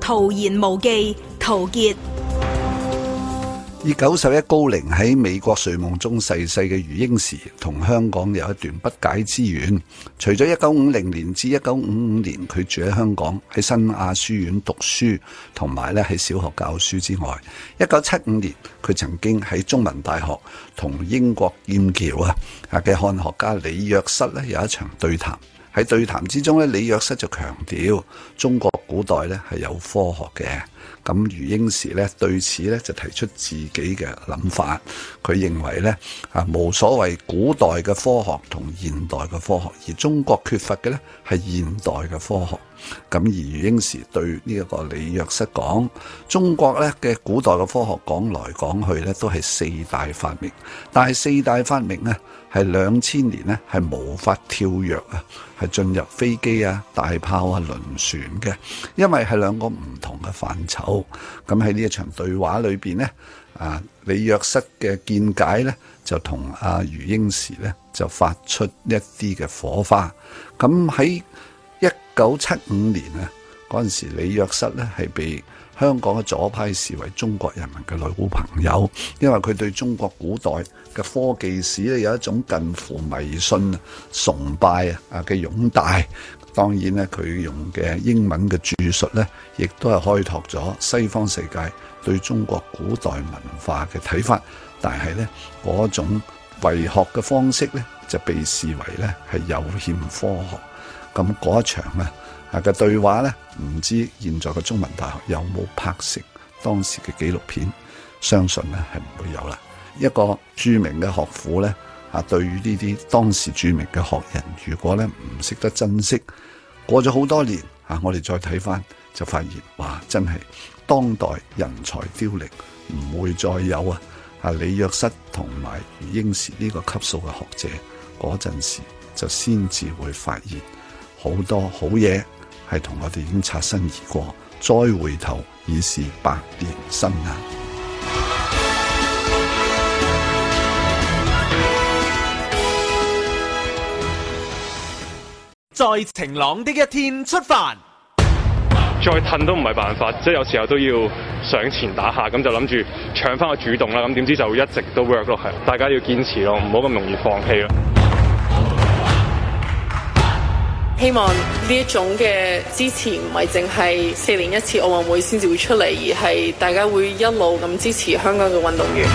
講，徒言無忌，陶傑。以九十一高齡喺美國睡夢中逝世嘅余英時，同香港有一段不解之緣。除咗一九五零年至一九五五年佢住喺香港喺新亞書院、讀書，同埋咧喺小學教書之外，一九七五年佢曾經喺中文大學同英國劍橋啊嘅漢學家李約瑟咧有一場對談。喺對談之中咧，李約瑟就強調中國古代咧係有科學嘅。咁余英時咧對此咧就提出自己嘅諗法，佢認為咧啊無所謂古代嘅科學同現代嘅科學，而中國缺乏嘅咧係現代嘅科學，咁而余英時對呢一個李約瑟講，中國咧嘅古代嘅科學講來講去咧，都係四大發明。但係四大發明呢係兩千年呢係無法跳躍啊，係進入飛機啊、大炮啊、輪船嘅，因為係兩個唔同嘅範疇。咁喺呢一場對話裏邊呢，啊李約瑟嘅見解呢就同啊余英時呢就發出一啲嘅火花。咁喺一九七五年啊，嗰陣時李約瑟咧係被香港嘅左派視為中國人民嘅老朋友，因為佢對中國古代嘅科技史咧有一種近乎迷信、崇拜啊嘅擁戴。當然咧，佢用嘅英文嘅著述咧，亦都係開拓咗西方世界對中國古代文化嘅睇法。但係咧，嗰種遺學嘅方式咧，就被視為咧係有欠科學。咁嗰一場咧，啊嘅對話咧，唔知現在嘅中文大學有冇拍攝當時嘅紀錄片？相信咧係唔會有啦。一個著名嘅學府咧，啊，對於呢啲當時著名嘅學人，如果咧唔識得珍惜，過咗好多年，啊，我哋再睇翻就發現，哇！真係當代人才凋零，唔會再有啊。啊，李約瑟同埋余英時呢個級數嘅學者嗰陣時，就先至會發現。好多好嘢係同我哋已經擦身而過，再回頭已是百年生涯。在晴朗的一天出發，再褪都唔係辦法，即係有時候都要上前打下，咁就諗住搶翻個主動啦。咁點知就一直都 work 落嚟，大家要堅持咯，唔好咁容易放棄咯。希望呢一種嘅支持唔係淨係四年一次奧運會先至會出嚟，而係大家會一路咁支持香港嘅運動員。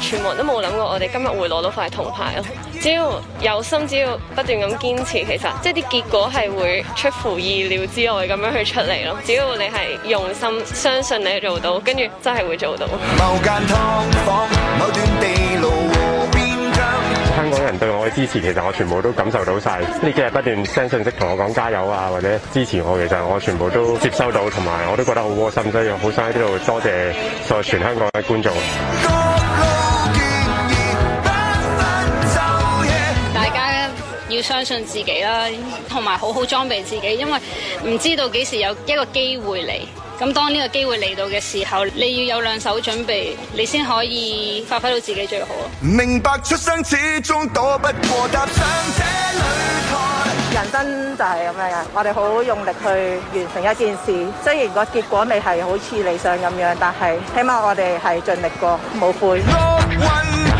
全部都冇諗過，我哋今日會攞到塊銅牌咯。只要有心，只要不斷咁堅持，其實即係啲結果係會出乎意料之外咁樣去出嚟咯。只要你係用心，相信你做到，跟住真係會做到。香港人對我嘅支持，其實我全部都感受到晒。呢幾日不斷 send 信息同我講加油啊，或者支持我，其實我全部都接收到，同埋我都覺得好窩心，所以好想喺呢度多謝所有全香港嘅觀眾。要相信自己啦，同埋好好裝備自己，因為唔知道幾時有一個機會嚟。咁當呢個機會嚟到嘅時候，你要有兩手準備，你先可以發揮到自己最好。明白出生始終躲不過踏上這舞台，人生就係咁樣嘅。我哋好用力去完成一件事，雖然個結果未係好似理想咁樣，但係起碼我哋係盡力過，冇悔。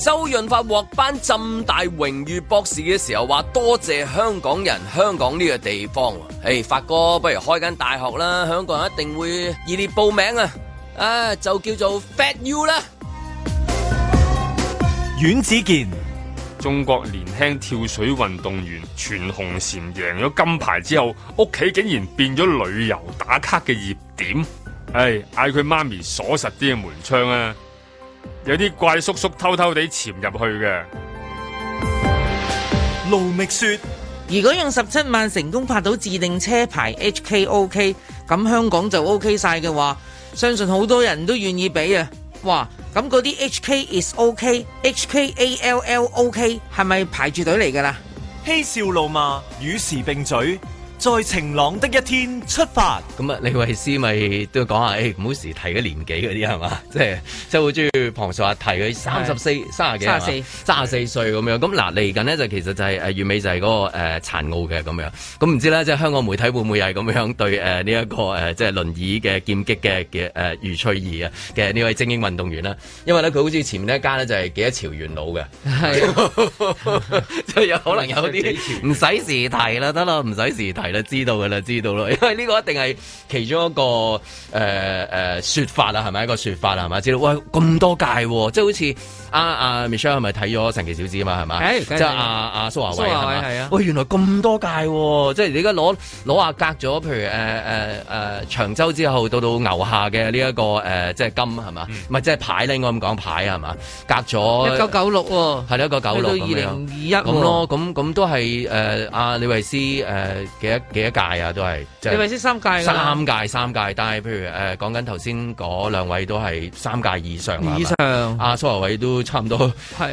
周潤發獲頒浸大榮譽博士嘅時候，話多謝香港人、香港呢個地方。誒，發哥不如開間大學啦，香港人一定會熱烈報名啊，啊！就叫做 Fat You 啦。阮子健，中國年輕跳水運動員，全紅嬋贏咗金牌之後，屋企竟然變咗旅遊打卡嘅熱點。唉，嗌佢媽咪鎖實啲嘅門窗啊！有啲怪叔叔偷偷地潛入去嘅。盧覓雪：如果用十七萬成功拍到自定車牌 H K O K，咁香港就 O K 晒嘅話，相信好多人都願意俾啊！哇！咁嗰啲 H K is O K，H K A L L O K 係咪排住隊嚟噶啦？嬉笑怒罵，與時並嘴。在晴朗的一天出發，咁啊，李慧詩咪都講下，誒、欸，唔好時提嘅年紀嗰啲係嘛？即係即係好中意旁述下提佢三十四、 (music) 三廿幾、三十四、吧三十四歲咁樣，咁嗱，嚟緊咧就其實就係、是、誒完美就係嗰、那個誒、呃、殘奧嘅咁樣，咁唔知咧，即係香港媒體會唔會又係咁樣對誒呢一個誒即係輪椅嘅劍擊嘅嘅誒余翠怡嘅呢位精英運動員啦？因為咧佢好似前面一間咧就係、是、幾多朝元老嘅，係、啊，即係 (laughs) (laughs) 有 (laughs) 可能有啲唔使時提啦，得啦，唔使時提。知道噶啦，知道咯，因為呢個一定係其中一個誒誒、呃呃、說法啊，係咪一個說法啊，係咪？知道喂，咁多屆、啊，即係好似阿阿、啊啊、Michelle 係咪睇咗神奇小子啊嘛，係咪？即係阿阿蘇華偉係啊！喂，原來咁多屆，即係你而家攞攞下隔咗，譬如誒誒誒長洲之後到到牛下嘅呢一個誒、呃，即係金係嘛？唔係即係牌咧，應該咁講，牌係嘛？隔咗一九九六，係一九九六咁到二零二一咁咯，咁咁都係誒阿李慧詩誒嘅、呃幾多屆啊？都係你咪先三屆，三屆三屆。但係譬如誒，講緊頭先嗰兩位都係三屆以上，以上阿、啊、蘇樺偉都差唔多。係誒、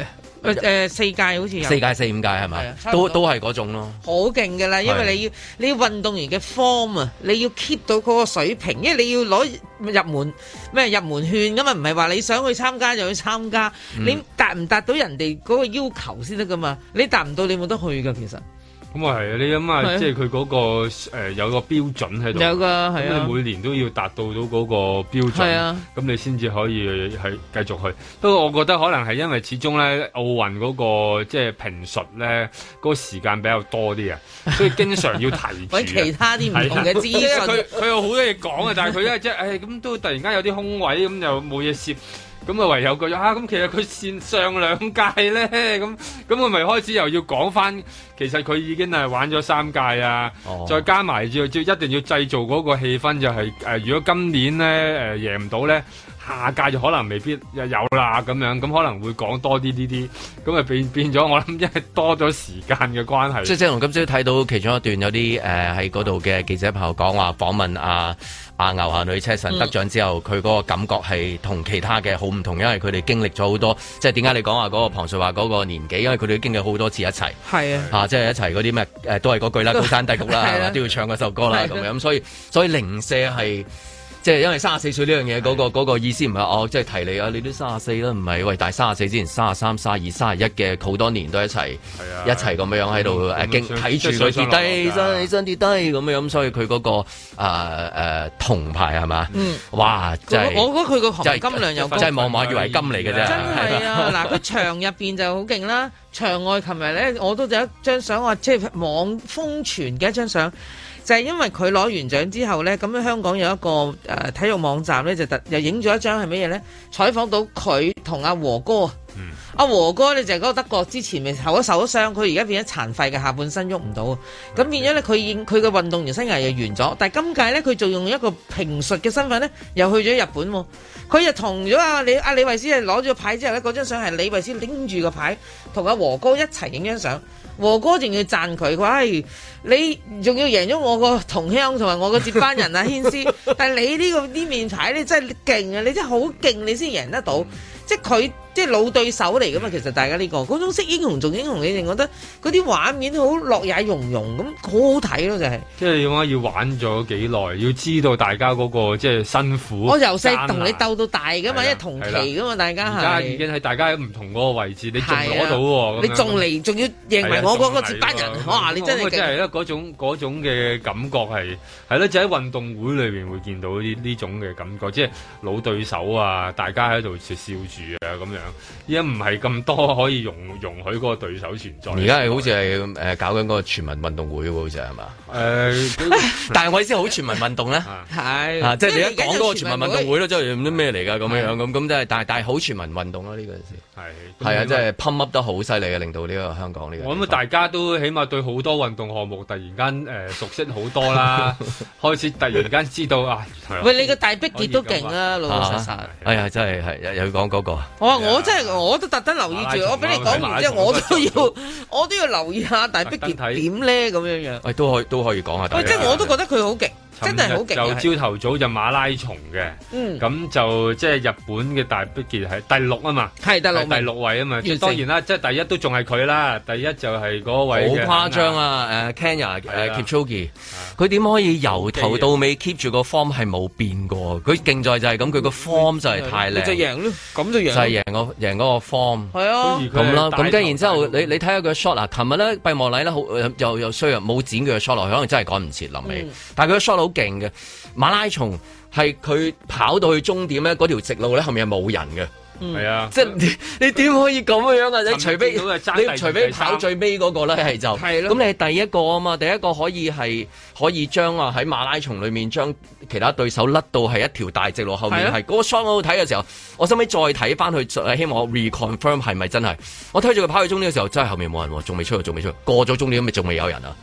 啊呃、四屆好似四屆四五屆係咪？都都係嗰種咯。好勁㗎啦，因為你要你要運動員嘅 form 啊，你要 keep 到嗰個水平，因為你要攞入門咩入門券㗎嘛，唔係話你想去參加就去參加。嗯、你達唔達到人哋嗰個要求先得㗎嘛？你達唔到你冇得去㗎，其實。咁啊係啊，你諗下，即係佢嗰個誒有個標準喺度，有噶係啊，你每年都要達到到嗰個標準，係啊，咁你先至可以去繼續去。不過我覺得可能係因為始終咧奧運嗰個即係評述咧，嗰、嗰個時間比較多啲啊，所以經常要提住 (laughs) 其他啲唔同嘅資訊。佢佢有好多嘢講啊， (laughs) 但係佢呢，即、哎、係，咁都突然間有啲空位，咁就冇嘢攝。咁啊，唯有佢啊，咁其實佢線上兩屆咧，咁咁我咪開始又要講返，其實佢已經係玩咗三屆啊，哦、再加埋要一定要製造嗰個氣氛，就係、是呃、如果今年咧誒、呃、贏唔到咧，下屆就可能未必又有啦咁樣，咁可能會講多啲呢啲，咁啊變變咗，我諗因為多咗時間嘅關係。即係正龍今先睇到其中一段有啲誒喺嗰度嘅記者朋友講話訪問啊。阿牛下女車神得獎之後，佢嗰個感覺係同其他嘅好唔同，因為佢哋經歷咗好多，即係點解你講話嗰個龐瑞華嗰個年紀，因為佢哋經歷好多次一齊，係是的 啊，嚇即係一齊嗰啲咩誒，都係嗰句啦，高山低谷啦，都要唱嗰首歌啦，咁是的 樣所以所以零舍係。即係因為三十四歲呢樣嘢，嗰個意思唔係哦，即係提你啊！你都三十四啦，唔係喂，大三十四之前三十三、三十二、三十一嘅好多年都一齊，一齊咁樣喺度誒，經睇住佢跌低，起身跌低咁樣，所以佢嗰個誒誒銅牌係嘛？嗯，哇！就我覺得佢個含金量又即係望馬以為金嚟嘅啫，真係啊！嗱，佢場入邊就好勁啦，場外琴日咧我都有一張相，我即係網瘋傳嘅一張相。就係因為佢攞完獎之後呢，咁香港有一個誒體育網站呢，就特又影咗一張係乜嘢呢？採訪到佢同阿和哥。阿、嗯、和哥呢，就係嗰個德國之前咪後尾受咗傷，佢而家變咗殘廢嘅下半身喐唔到，咁變咗呢，佢佢嘅運動員生涯又完咗。但係今屆呢，佢仲用一個評述嘅身份呢，又去咗日本。佢就同咗阿李阿、啊、李慧詩攞咗個牌之後呢，嗰張相係李慧詩拎住個牌同阿和哥一齊影張相。和哥仲要讚佢，佢話、哎，你仲要贏咗我個同鄉同埋我個接班人啊，軒師。 (laughs) 但係你呢個呢面牌呢，真係勁啊！你真係好勁，你先贏得到。嗯、即係佢。即係老對手嚟噶嘛？其實大家呢個嗰種識英雄做英雄，你哋覺得嗰啲畫面好樂也融融咁，好好睇咯，就係。即係點啊？要玩咗幾耐？要知道大家嗰個即係辛苦。我由細同你鬥到大噶嘛，因為同期噶嘛，大家係。已經係大家喺唔同嗰個位置，你仲攞到喎？你仲嚟，仲要認為我嗰個接班人？哇！你真係真係咧，嗰種嘅感覺係係咯，就喺運動會裏面會見到呢呢種嘅感覺，即係老對手啊！大家喺度笑住啊咁樣。而家唔係咁多可以容容許嗰個對手存在。而家係好似係誒搞緊嗰個全民運動會喎，好似係嘛？誒，但係我意思好全民運動咧，係即係你一講嗰個全民運動會咧，即係咩嚟噶咁樣樣咁，咁真係，但係但係好全民運動咯呢件事，係係啊，即係 pump up 得好犀利嘅，令到呢個香港呢個。我諗，大家都起碼對好多運動項目突然間誒熟悉好多啦，開始突然間知道啊。喂，你個大迫傑都勁啊，老老實實。哎呀，真係係又講嗰個。我真係我都特登留意住，我俾你講完之後，我都要我都要留意一下，但係畢竟點咧咁樣呢樣，誒、哎，都可以都可以講下。誒，即係我，我都覺得佢好勁。真係好勁！就朝頭早就馬拉松嘅，咁就即係日本嘅大迫傑係第六啊嘛，係第六第六位啊嘛。當當然啦，即係第一都仲係佢啦。第一就係嗰位好誇張啊！Kenya Kipchoge 佢點可以由頭到尾 keep 住個 form 係冇變過？佢勁在就係咁，佢個 form 就係太靚。就贏咯，咁就贏就係贏個嗰個 form。係咁咯，咁跟然之後，你你睇下個 shot 啊，琴日咧閉幕禮咧好又又衰冇剪佢嘅 shot 落，可能真係趕唔切臨尾。但佢嘅 shot 落。勁嘅馬拉松係佢跑到去終點咧，嗰條直路咧後面係冇人嘅，係、嗯、啊，啊即係你點可以咁樣啊？你除非你除非跑最尾嗰、嗰個咧，係就咁，係啊、你係第一個啊嘛，第一個可以係可以將啊喺馬拉松裏面將其他對手甩到係一條大直路後面係。嗰、啊嗰個 show 我睇嘅時候，我後尾再睇翻去，希望我 reconfirm 係咪真係？我推住佢跑去終點嘅時候，真係後面冇人，仲未出去，仲未出去，過咗終點咪仲未有人啊！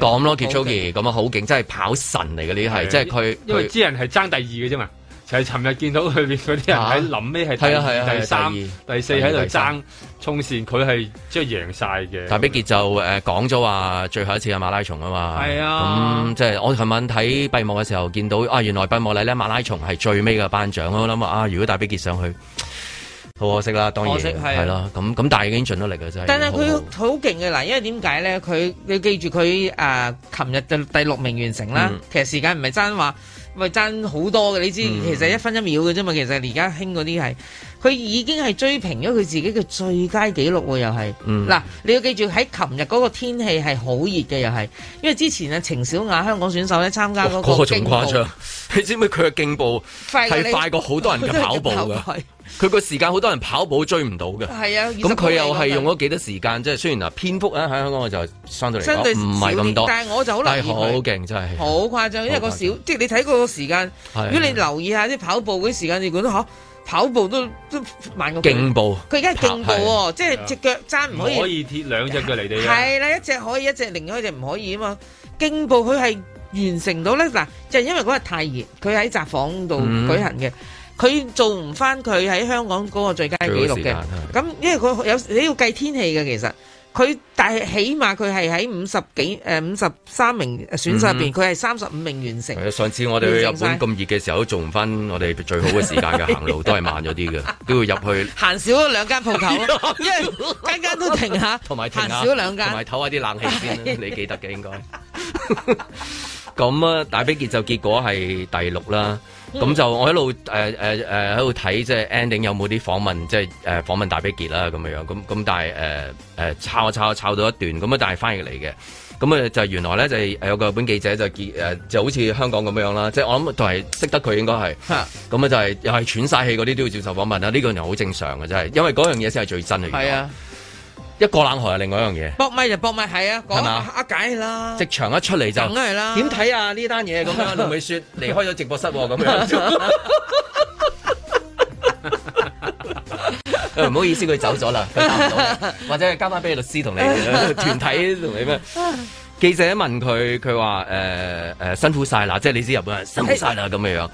講囉，k a z u k 咁啊好勁，真係跑神嚟嘅呢啲係，即係佢，因為啲人係爭第二嘅啫嘛，就係尋日見到佢嗰啲人喺臨尾係，第二？係啊，第三、第四喺度爭衝線，佢係即係贏曬嘅。大迫傑就誒講咗話，最後一次嘅馬拉松啊嘛，係呀，咁即係我琴晚睇閉幕嘅時候，見到啊原來閉幕禮呢馬拉松係最尾嘅頒獎咯，我諗啊，如果大迫傑上去。好可惜啦，當然係啦，咁咁但係已經盡咗力嘅啫，真係。但係佢好勁嘅，嗱，因為點解咧？佢你記住佢誒，琴、呃、日就第、第六名完成啦。嗯、其實時間唔係爭話，唔係爭好多嘅，你知其實一分一秒嘅啫嘛。其實而家興嗰啲係。佢已經係追平咗佢自己嘅最佳紀錄喎。啊，又係。嗱、嗯，你要記住喺琴日嗰個天氣係好熱嘅，又係。因為之前啊，程小雅香港選手咧參加嗰個仲誇張，嗰個，你知唔知佢嘅競步係快過好多人嘅跑步㗎？佢個時間好多人跑步追唔到嘅。係啊，咁佢又係用咗幾多時間？即係雖然啊，蝙蝠啊喺香港我就相對嚟講唔係咁多，但係我就好好勁，真係好誇張。因為個小即係你睇個時間，的如果你留意一下啲跑步嗰啲時間，你覺得嚇。啊跑步都都慢過個競步，佢而家係競步喎，即係隻腳踭唔可以。可以貼兩隻腳離地。係啦，一隻可以，一隻另外一隻唔可以啊嘛。競步佢係完成到咧，嗱，就係、是、因為嗰日太熱，佢喺雜房度舉行嘅，佢、嗯、做唔翻佢喺香港嗰個最佳紀錄嘅。咁因為佢有你要計天氣嘅其實。佢但係起碼佢係喺五十幾誒，五十三名選手入邊，佢係三十五名完成。上次我哋去日本咁熱嘅時候，都做唔翻我哋最好嘅時間嘅，行路都係慢咗啲嘅。都要入去行少咗兩間鋪頭，因為間間都停下，同埋停下，同埋唞下啲冷氣先。你記得嘅應該咁啊？大逼結就結果係第六啦。咁、嗯、就我喺度誒誒誒喺度睇即係 ending 有冇啲訪問，即係誒訪問大迫傑啦咁樣樣，咁咁但係誒抄啊抄啊抄到一段，咁啊但係翻譯嚟嘅，咁啊就原來咧就有個日本記者就見就好似香港咁樣啦，即係我諗都係識得佢應該係吓，咁啊就係又係喘晒氣嗰啲都要接受訪問啦，呢個人好正常嘅真係，因為嗰樣嘢先係最真嘅。係啊。一個冷河係，另外一樣嘢。搏咪就搏咪，係啊。係嘛吧、啊？解啦。直場一出嚟就梗係啦。點睇啊？呢單嘢咁樣會唔會說離開咗直播室咁、啊、樣？唔好意思，佢走咗啦，佢加唔到。或者係加翻俾律師同你團 (laughs) 體同跟你咩？ (laughs) 記者問佢，佢話：誒、呃、誒、呃，辛苦晒啦，即係你知日本人辛苦晒啦咁樣樣。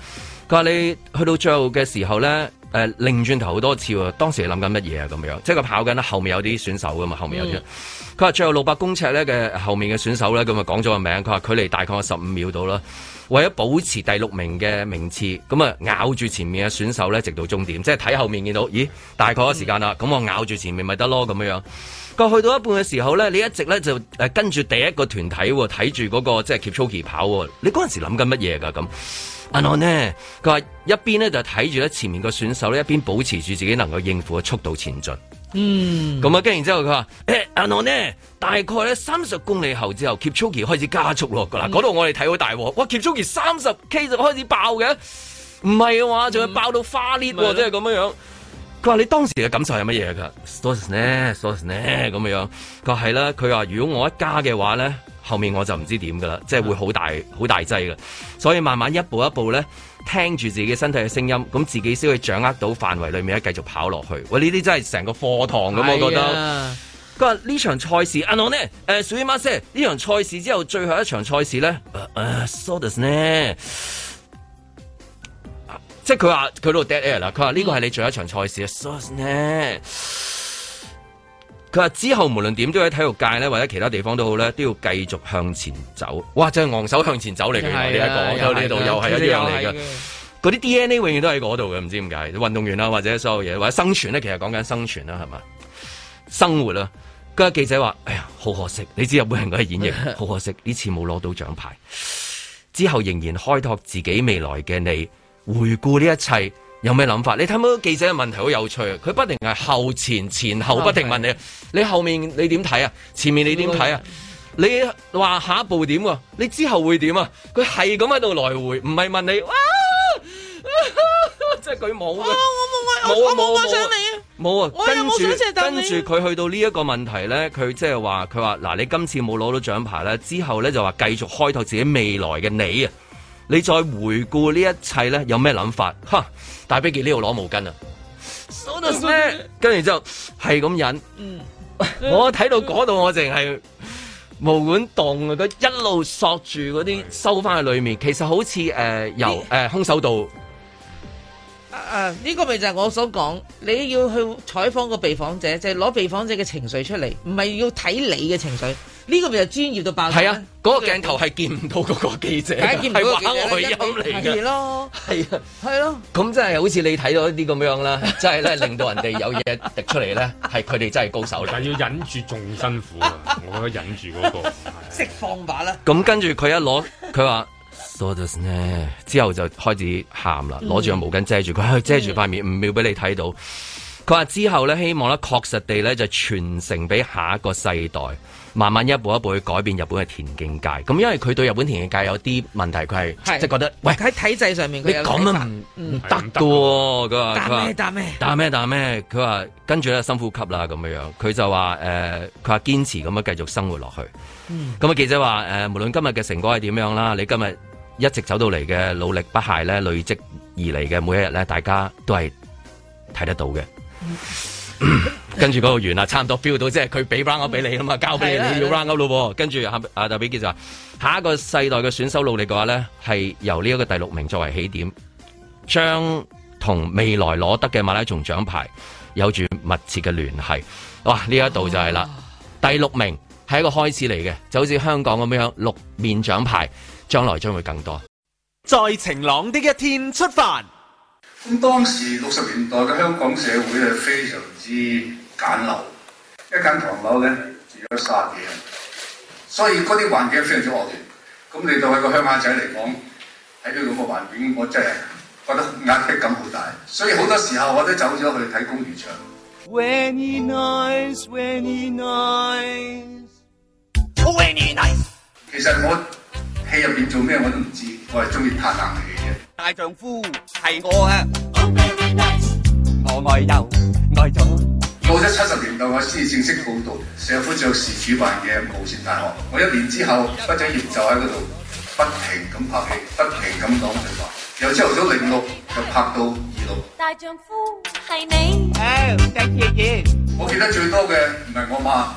佢話你去到最後嘅時候咧。誒，擰轉、呃、頭好多次喎，當時諗緊乜嘢啊？咁樣，即係佢跑緊啦，後面有啲選手噶嘛，後面有啲。佢話、嗯、最後六百公尺呢嘅後面嘅選手呢咁啊講咗個名，佢話距離大概十五秒到啦。為咗保持第六名嘅名次，咁啊咬住前面嘅選手呢直到終點，即係睇後面見到，咦，大概時間啦，咁、嗯、我咬住前面咪得咯，咁樣樣。佢去到一半嘅時候呢你一直呢就誒跟住第一個團體睇住嗰個即係 Kipchoge 跑，你嗰陣時諗緊乜嘢噶咁？阿 n 呢？佢話一邊呢就睇住咧前面個選手咧，一邊保持住自己能夠應付嘅速度前進。嗯，咁啊，跟然之後佢話，阿、欸、n 呢，大概咧三十公里後之後，Kipchoge 開始加速咯。嗱，嗰度、嗯、我哋睇好大鑊，哇！Kipchoge 三十 K 就開始爆嘅，唔係嘅話，仲會爆到花裂、啊，即係咁樣樣。佢話你當時嘅感受係乜嘢噶？s t o s 呢 s t o s 呢咁樣，佢係啦。佢話如果我一加嘅話咧。後面我就唔知點噶啦，即係會好大好大劑噶，所以慢慢一步一步咧，聽住自己身體嘅聲音，咁自己先可以掌握到範圍裏面咧，繼續跑落去。喂呢啲真係成個課堂咁，我覺得。佢話呢場賽事，and 我咧，誒、啊，所以媽 Sir 呢場賽事之後最後一場賽事咧，誒、uh, uh,，sources 即係佢話佢度 dead air 啦，佢話呢個係你最後一場賽事，sources 佢話之後無論點都喺體育界呢，或者其他地方都好咧，都要繼續向前走。哇！真係昂首向前走嚟嘅，呢一個，你又呢是度又係一樣嚟嘅。嗰啲 DNA 永遠都喺嗰度嘅，唔知點解運動員啦，或者所有嘢，或者生存呢，其實講緊生存啦，係嘛？生活啦。個記者話，哎呀，好可惜！你知日本人佢係演繹，好可惜呢 (laughs) 次冇攞到獎牌。之後仍然開拓自己未來嘅，你，回顧呢一切。有咩諗法？你睇到記者嘅問題好有趣，佢不停係後前前後不停問你，的你後面你點睇啊？前面你點睇啊？的你話下一步點啊？你之後會點啊？佢係咁喺度來回，唔係問你哇，啊啊啊，即係佢冇啊！我冇，我有我我冇，我冇想你啊！冇啊！跟住跟住佢去到呢一個問題咧，佢即係話佢話嗱，你今次冇攞到獎牌啦，之後咧就話繼續開拓自己未來嘅你啊！你再回顧呢一切咧，有咩諗法？吓，大碧傑呢度攞毛巾啊，跟住 (laughs) 就係咁忍。嗯， (laughs) 我睇到嗰度我淨係毛管戙啊，佢一路索住嗰啲收翻去裏面，其實好似誒由誒空手道。啊，啊，呢個咪就係我所講，你要去採訪個被訪者，就係攞被訪者嘅情緒出嚟，唔係要睇你嘅情緒。呢個咪就專業到爆啦！係啊，嗰個鏡頭係見唔到嗰個記者，係畫外音嚟噶。係咯，係啊，係咯。咁真係好似你睇到啲咁樣啦，即係咧令到人哋有嘢滴出嚟咧，係佢哋真係高手嚟，但係要忍住仲辛苦啊！我覺得忍住嗰個釋放法啦。咁跟住佢一攞，佢話 sadness 咧。之後就開始喊啦，攞住個毛巾遮住佢，遮住塊面，唔俾你睇到。佢話之後咧，希望咧確實地咧就傳承俾下一個世代，慢慢一步一步去改變日本嘅田徑界。咁因為佢對日本田徑界有啲問題，佢係是即係覺得，喂喺體制上面制，你咁、嗯、啊唔得喎。佢話、啊、說打咩打咩說打咩，佢話跟住咧深呼吸啦咁樣樣，佢就話誒，佢、呃、話堅持咁樣繼續生活落去。咁啊、嗯、記者話誒、呃，無論今日嘅成果係點樣啦，你今日一直走到嚟嘅努力不懈咧，累積而嚟嘅每一日咧，大家都係睇得到嘅。跟住嗰度完啦，差唔多 feel 到，即係佢俾 round one 俾你啦嘛，交俾你要 round one，跟住阿阿特比基就話，下一個世代嘅選手努力嘅話呢，係由呢一個第六名作為起點，將同未來攞得嘅馬拉松獎牌有住密切嘅聯繫。哇，呢一度就係啦， (laughs) 第六名係一個開始嚟嘅，就好似香港咁樣，六面獎牌，將來將會更多。在晴朗的一天出發。咁當時六十年代嘅香港社會係非常之簡陋，一間唐樓咧住咗卅幾人，所以啲環境非常之惡劣。咁嚟到你一個鄉下仔嚟講，喺呢個環境，我真係覺得壓迫感好大。所以好多時候我都走咗去睇工業場 When he knows,、nice, when he knows,、nice. oh, when he knows、nice.。其實我戲入邊做咩我都唔知，我係中意拍硬嘅。大丈夫係我啊！我外游外做。到咗七十年代，我先正式報讀社府爵士主辦嘅無線大學。我一年之後畢咗業，就喺嗰度不停咁拍戲，不停咁講普通話。由朝頭早零六就拍到二六。大丈夫係你，鄭月月。我記得最多嘅唔係我媽，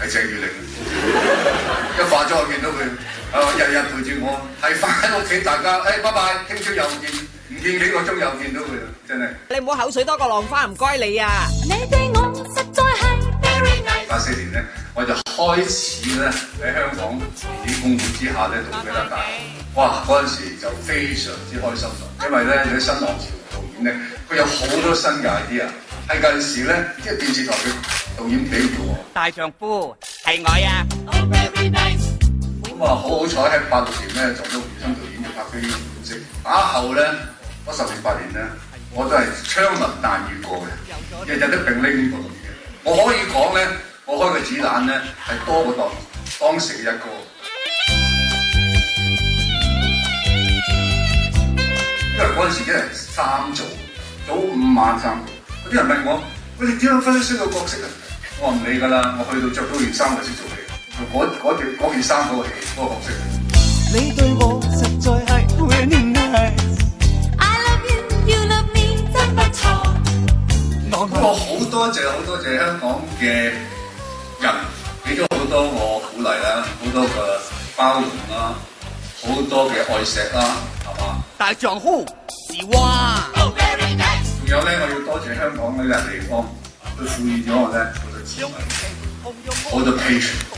係鄭裕玲。 (laughs) 一化妝我見到佢。啊！日日陪住我，喺翻屋企，大家誒拜拜，聽朝又見，唔見幾個鐘又見到佢，真係。你唔好口水多過浪花，唔該你啊。你對我實在係 very nice。八四年咧，我就開始咧喺香港條件艱苦之下咧，做呂德大。哇！嗰陣時就非常之開心咯，因為咧，你喺新浪潮導演咧，佢有好多新嘅 idea 啊。係近時咧，即電視台嘅導演俾我大丈夫係我啊。咁啊，好好彩喺八六年咧，就都投身到演做拍兵嘅角色。打後咧，嗰十年八年咧，我都係槍林彈雨過嘅，日日都兵拎不斷嘅。我可以講咧，我開嘅子彈咧係多過當當時嘅一個。因為嗰陣時咧係三組，早五晚三。有啲人問我：你點樣分析個角色啊？我話唔理㗎啦，我去到著到件衫就識做戲。我我對嗰件衫都幾多角色。不過，好多謝好多謝香港嘅人，俾咗好多我鼓勵啦，好多嘅包容啦，好多嘅愛錫啦，係嘛。大丈夫是話。仲有咧，我要多謝香港呢個地方，佢賦予咗我咧。我哋支持。我哋支持。肉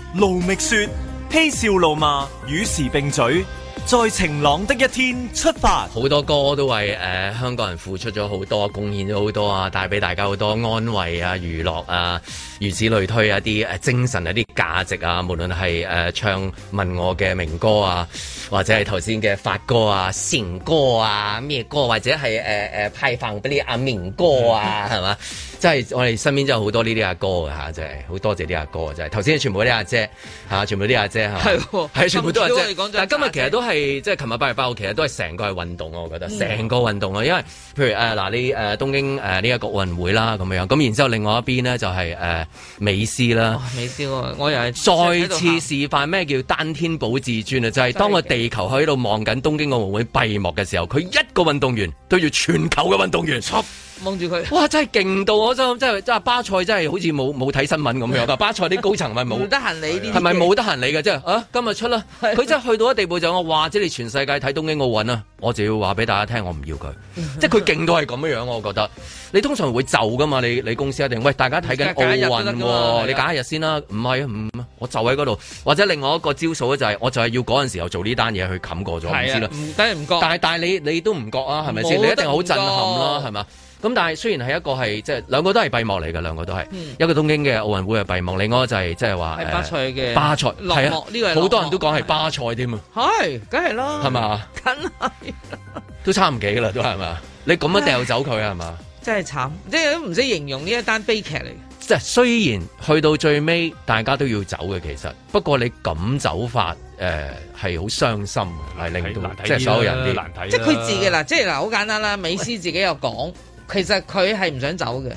盧覓雪嬉笑怒罵，與時並嘴。在晴朗的一天出發。好多歌都為誒、呃、香港人付出咗好多，貢獻咗好多啊，帶俾大家好多安慰啊、娛樂啊，如此類推啊啲誒精神一啲價值啊，無論係誒唱問我嘅名歌啊，或者係頭先嘅發哥啊、善歌啊咩歌，或者係誒誒派飯俾你阿明哥啊，係嘛、啊，是吧 (laughs) 即係我哋身邊真係好多呢啲阿哥嘅嚇，即係好多謝啲阿哥啊！真係頭先全部啲阿姐嚇，全部啲阿姐嚇，係全部都係。但今日其實都係即係琴日八月八號，其實都係成個係運動啊，我覺得成個運動啊，因為譬如誒嗱你誒東京誒呢一個奧運會啦咁樣，咁然之後另外一邊呢、就是，就係誒美斯啦，美斯我、哦、我又係再次示範咩叫單天保至尊啊！就係、是、當個地球喺度望緊東京奧運會閉幕嘅時候，佢一個運動員對住全球嘅運動員。望住佢，哇！真係勁到我真，真係真係巴塞真係好似冇冇睇新聞咁樣。嗱，巴塞啲高層咪冇得閒理啲，係咪冇得閒理嘅啫？啊，今日出啦，佢真係去到一地步就我話，即係全世界睇東京奧運啊，我就要話俾大家聽，我唔要佢，即係佢勁到係咁樣樣。我覺得你通常會遷就噶嘛，你你公司一定喂，大家睇緊奧運，你揀一日先啦。唔係啊？我就喺嗰度，或者另外一個招數咧，就係我就係要嗰陣時候做呢單嘢去冚過咗，唔知啦。但係唔覺，但係你你都唔覺啊？係咪先？你一定好震撼囉，係咪？咁但係雖然係一個係即係兩個都係閉幕嚟噶，兩個都係一個東京嘅奧運會係閉幕，另外就係即係話巴塞嘅巴塞落幕呢個好多人都講係巴塞添啊，係梗係啦，係嘛，梗係都差唔幾噶啦，都係嘛，你咁樣掉走佢係嘛，真係慘，即係都唔識形容呢一單悲劇嚟嘅。即係雖然去到最尾大家都要走嘅，其實不過你咁走法誒係好傷心係令到即係所有人啲難睇，即係佢自己啦，即係嗱好簡單啦，美斯自己又講。其實佢係唔想走嘅，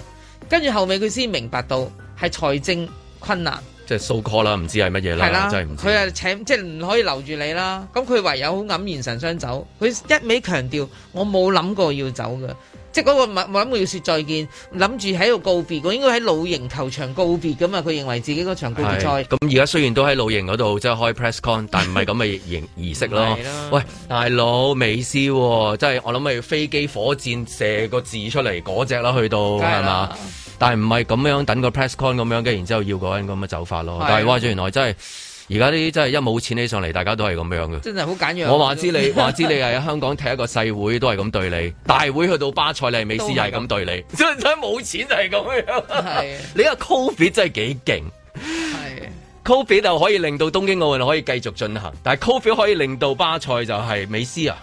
跟住後尾佢先明白到係財政困難，即係 so call 啦，唔知係乜嘢啦，真係唔。佢又請，即係唔可以留住你啦。咁佢唯有好黯然神傷走，佢一味強調我冇諗過要走嘅。即係、那、嗰個我諗要說再見，諗住喺度告別，佢應該喺露營球場告別噶嘛？佢認為自己嗰場告別賽。咁而家雖然都喺露營嗰度即係開 press con，但唔係咁嘅儀儀式咯。 (laughs) 是啦 喂，大佬美斯喎。即係我諗係飛機火箭射個字出嚟嗰隻啦，去到係嘛然？但係唔係咁樣等個 press con 咁樣，嘅，然之後要嗰 individual 走法咯。是的 但係哇、呃，原來真係～而家啲真係一冇錢起上嚟，大家都係咁樣嘅。真係好簡約。我話知你話知 (laughs) 你係喺香港踢一個細會，都係咁對你；大會去到巴塞，你係美斯又係咁對你。真係冇錢就係咁樣。係的。 (laughs) 你個 Covid 真係幾勁。係的。Covid 就可以令到東京奧運可以繼續進行，但係 Covid 可以令到巴塞就係美斯啊。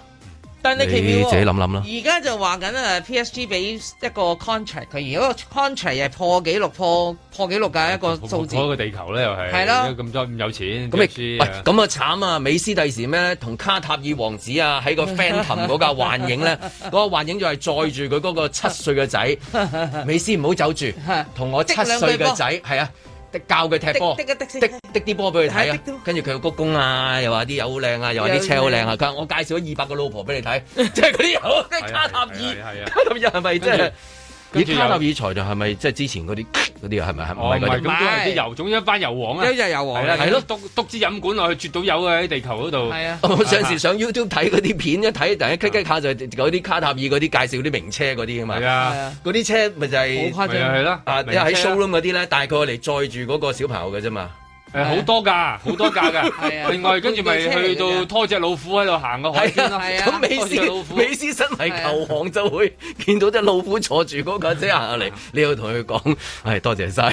但你，哦、你自己諗諗啦。而家就話緊啊，PSG 俾一個 contract 佢，而嗰個 contract 係破紀錄，破破紀錄嘅一個數字。嗰個地球咧又係。係啦了。咁多咁有錢。咁咪先。錢喂，咁啊慘啊！美斯第時咩？同卡塔爾王子啊，喺個 Phantom 嗰架幻影咧，嗰 (laughs) 個幻影就係載住佢嗰個七歲嘅仔。 (laughs) 美斯唔好走住，同我七歲嘅仔，係啊。教佢踢波，踢啲波俾佢睇啊！跟住佢鞠躬啊，又話啲友好靚啊，的又話啲車好靚啊！佢話的我介紹咗二百個老婆俾你睇，即係嗰啲好，即係卡塔爾，卡塔爾係咪即係？卡塔爾財就係咪即係之前嗰啲嗰啲啊？係咪係咪？係咪咁都係啲油總之一班油王啊！一班油王係咯，獨獨資飲管落去，奪到油嘅喺地球嗰度。係啊！我上次上 YouTube 睇嗰啲片，一睇第一卡卡就嗰啲卡塔爾嗰啲介紹嗰啲名車嗰啲啊嘛。係啊！嗰啲車咪就係好誇張係啦。啊，一喺 showroom 嗰啲大概嚟載住嗰個小朋友嘅咋嘛。誒，好、啊、多，多架，好多架噶。另外，跟住咪去到拖隻老虎喺度行個海啦。咁、啊啊、美斯，老虎啊、美斯身為球王就會見到隻老虎坐住嗰架車行嚟，啊、你要同佢講，係、啊哎、多謝晒，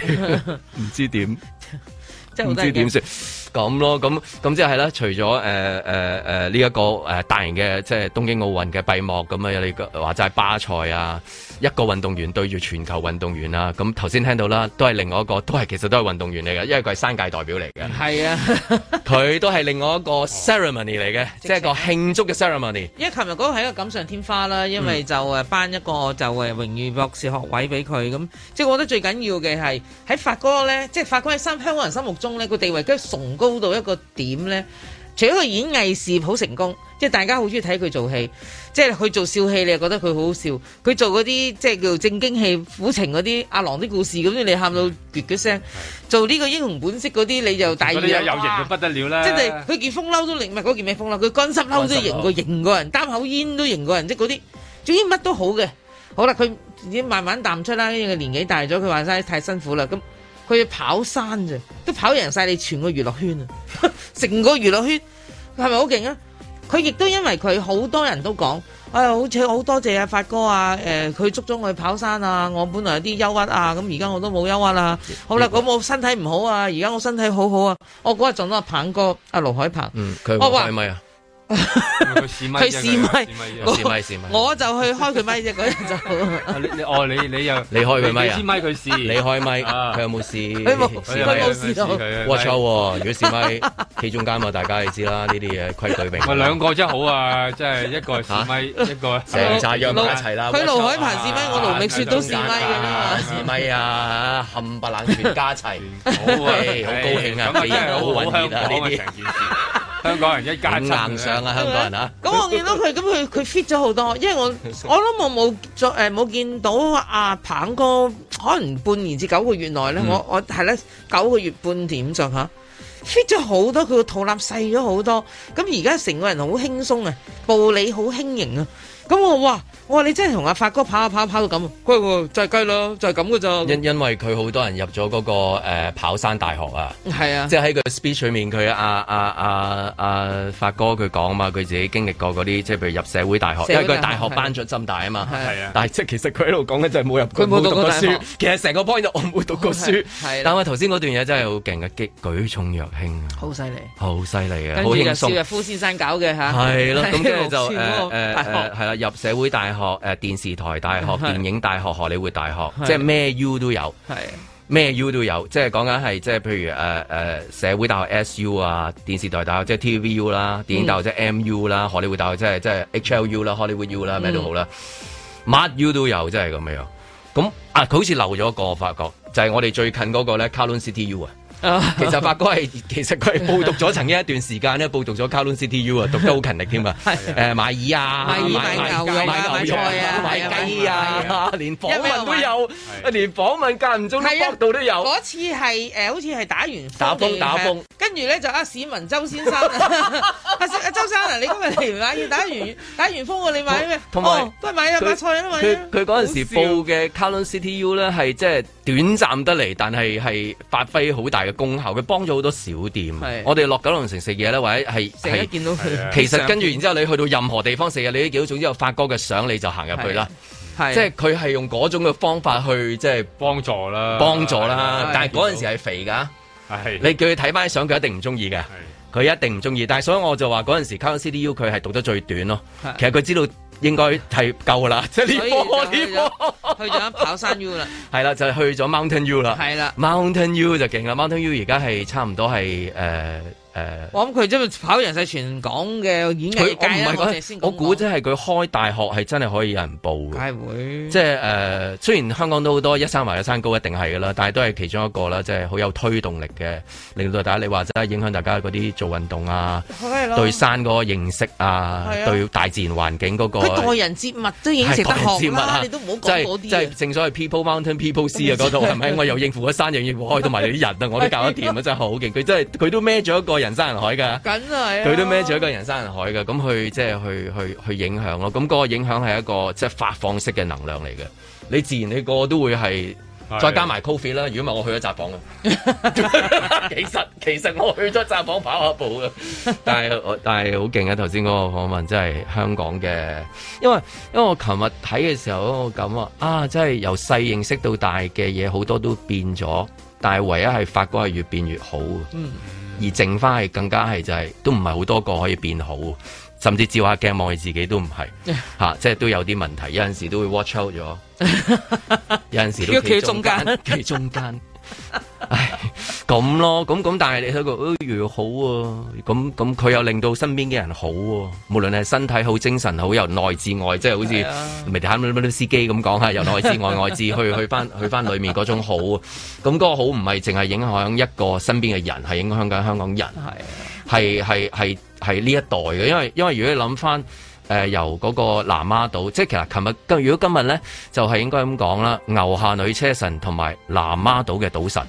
唔 (laughs) 知點，唔知點算。咁咯，咁咁即係啦。除咗誒誒誒呢一個誒大型嘅即係東京奧運嘅閉幕，咁啊你話齋係巴塞啊，一個運動員對住全球運動員啊。咁頭先聽到啦，都係另外一個，都係其實都係運動員嚟嘅，因為佢係三屆代表嚟嘅。係是啊，佢 (laughs) 都係另外一個 ceremony 嚟嘅， (laughs) 即係個慶祝嘅 ceremony。因為琴日嗰個係一個錦上添花啦，因為就頒一個就誒榮譽博士學位俾佢，咁、嗯、即係我覺得最緊要嘅係喺發哥咧，即係發哥喺三香港人心目中呢個地位跟崇，高到一個點咧，除咗佢演藝事業好成功，即係大家好中意睇佢做戲，即係佢做笑戲，你又覺得佢好好笑。佢做嗰啲即係叫正經戲、苦情嗰啲、阿郎啲故事咁，你喊到撅嘅聲。做呢個英雄本色嗰啲，你就大意有有型，到不得了啦！即係佢件風褸都型，唔係嗰件咩風褸？佢乾濕褸都型，過型過人擔口煙都型過人，即係嗰啲，總之乜都好嘅。好啦，佢已經慢慢淡出啦。因為佢年紀大咗，佢話晒太辛苦啦。咁。佢跑山啫，都跑贏晒你全個娛樂圈啊！成個娛樂圈係咪好勁啊？佢亦都因為佢好多人都講，哎呀，好似好多謝阿發哥啊！誒、呃，佢捉咗我去跑山啊！我本來有啲憂鬱啊，咁而家我都冇憂鬱啦、啊。好啦，咁我身體唔好啊，而家我身體好好啊！我嗰日撞到阿鵬哥，阿盧海鵬，嗯，佢係咪啊？佢試咪？佢試咪？我我就去開佢咪啫，嗰陣就你你哦，你你又你開佢咪啊？試咪佢試，你開咪，佢有冇試？佢冇試啦。Watch out！如果試咪企中間嘛，大家你知啦，呢啲嘢規矩明。咪兩個真好啊，真係一個試咪，一個成扎約埋一齊啦。佢盧海鵬試咪，我盧覓雪都試咪噶啦嘛。試咪啊，冚唪唥全家一齊，好啊，好高興啊，咁啊真係好，好香港啊，講啊成件事，香港人一家親啊。咁香港人啊吓！咁我見到佢，咁佢佢 fit 咗好多，因為我 (laughs) 我都冇冇誒冇見到阿、啊、彭哥，可能半年至九個月內咧，我、嗯、我係咧九個月半點咗嚇 fit 咗好多，佢個肚腩細咗好多，咁而家成個人好輕鬆啊，步履好輕盈啊！咁我話，我話你真係同阿發哥跑下跑啊跑到咁，佢話就係咁咯，就係咁嘅咋。因為佢好多人入咗嗰個誒跑山大學啊，係啊，即係喺佢 speech 裏面佢阿啊啊阿發哥佢講啊嘛，佢自己經歷過嗰啲，即係譬如入社會大學，因為佢大學班長咁大啊嘛，但係即係其實佢喺度講嘅就係冇入冇讀過書，其實成個 point 就我冇讀過書。但係頭先嗰段嘢真係好勁嘅，舉重若輕好犀利，好犀利啊，好嚴肅，蕭若夫先生搞嘅係咯，咁就係啦。入社會大學、誒、呃、電視台大學、是電影大學、荷里活大學，是即係咩 U 都有，咩是 U 都有，即係講緊係即係譬如誒誒、呃呃、社會大學 SU 啊，電視台大學即係 TVU 啦，電影大學即係 MU 啦，嗯、荷里活大學即係即係 HLU 啦，Hollywood U 啦，咩都好啦，乜、嗯、U 都有，即係咁樣。咁啊，佢好似漏咗個法國，就係、是、我哋最近嗰個咧 Cardon City U 啊。其實發哥係其實佢報讀咗曾經一段時間咧，報讀咗卡論 CTU 啊，讀得好勤力添啊。係誒，買耳啊，買牛、買菜啊，買雞啊，連訪問都有，連訪問間唔中喺屋度都有。嗰次係誒，好似係打完打風，打風，跟住咧就，啊市民周先生啊，阿阿周生啊，你今日嚟買嘢，打完打完風喎，你買咩？同埋都係買啊包菜啊嘛。佢佢嗰陣時報嘅卡論 CTU 咧係即係。短暫得嚟，但係係發揮好大嘅功效。佢幫咗好多小店。是我哋落九龍城食嘢咧，或者係成日見到佢。其實跟住然之後你去到任何地方食嘢，你都見到。總之有發哥嘅相，你就行入去啦。即係佢係用嗰種嘅方法去即係幫助啦，幫助啦。但係嗰陣時係肥噶。你叫佢睇翻相，佢一定唔中意嘅。佢一定唔中意。但係所以我就話嗰陣時 CDU 佢係讀得最短咯。的其實佢知道。應該係夠啦，即係呢波呢波， (laughs) 去咗跑山 U 啦，係啦，就係去咗 Mountain U 啦，係啦了，Mountain U 就勁啦，Mountain U 而家係差唔多係誒。呃我諗佢即係跑人世全港嘅演藝界啦。我估即係佢開大學係真係可以有人報嘅。會。即係誒，雖然香港都好多一山埋一山高一定係噶啦，但係都係其中一個啦。即係好有推動力嘅，令到大家你話齋影響大家嗰啲做運動啊，對山嗰個認識啊，對大自然環境嗰個。佢待人接物都已經值得學啊，你都唔好講即係正所謂 People Mountain People Sea 啊，嗰度係咪？我又應付咗山，又應付開到埋啲人啊，我都搞得掂啊，真係好勁。佢真係佢都孭咗一個人。人山人海噶，梗係佢都孭住一個人山人海噶，咁去即係、就是、去去去影響咯。咁嗰個影響係一個即係、就是、發放式嘅能量嚟嘅。你自然你個個都會係的再加埋 coffee 啦。如果唔係我去咗扎房嘅， (laughs) (laughs) (laughs) 其實其實我去咗扎房跑下步嘅。但係但係好勁啊！頭先嗰個訪問真係香港嘅，因為因為我琴日睇嘅時候，我咁話啊，真係由細認識到大嘅嘢，好多都變咗，但係唯一係發哥係越變越好。嗯。而剩翻係更加係就係都唔係好多個可以變好，甚至照下鏡望佢自己都唔係、 (laughs) 啊、即係都有啲問題，有陣時都會 watch out 咗，有陣時都企喺中間，企 (laughs) 中間。 (laughs) (laughs) 唉，咁咯，咁咁，但係你睇個，越越好喎、啊。咁咁，佢又令到身邊嘅人好喎、啊。無論係身體好、精神好，由內至外，即係好似咪啲啱啱啲司機咁講下由內至外，外至，外至 (laughs) 去去翻去翻裏面嗰種好。咁、那、嗰個好唔係淨係影響一個身邊嘅人，係影響緊香港人，係係係係係呢一代嘅。因為因為如果你諗翻。誒、呃、由嗰個南丫島，即係其實琴日今，如果今日咧，就係、是、應該咁講啦。牛下女車神同埋南丫島嘅賭神嘅、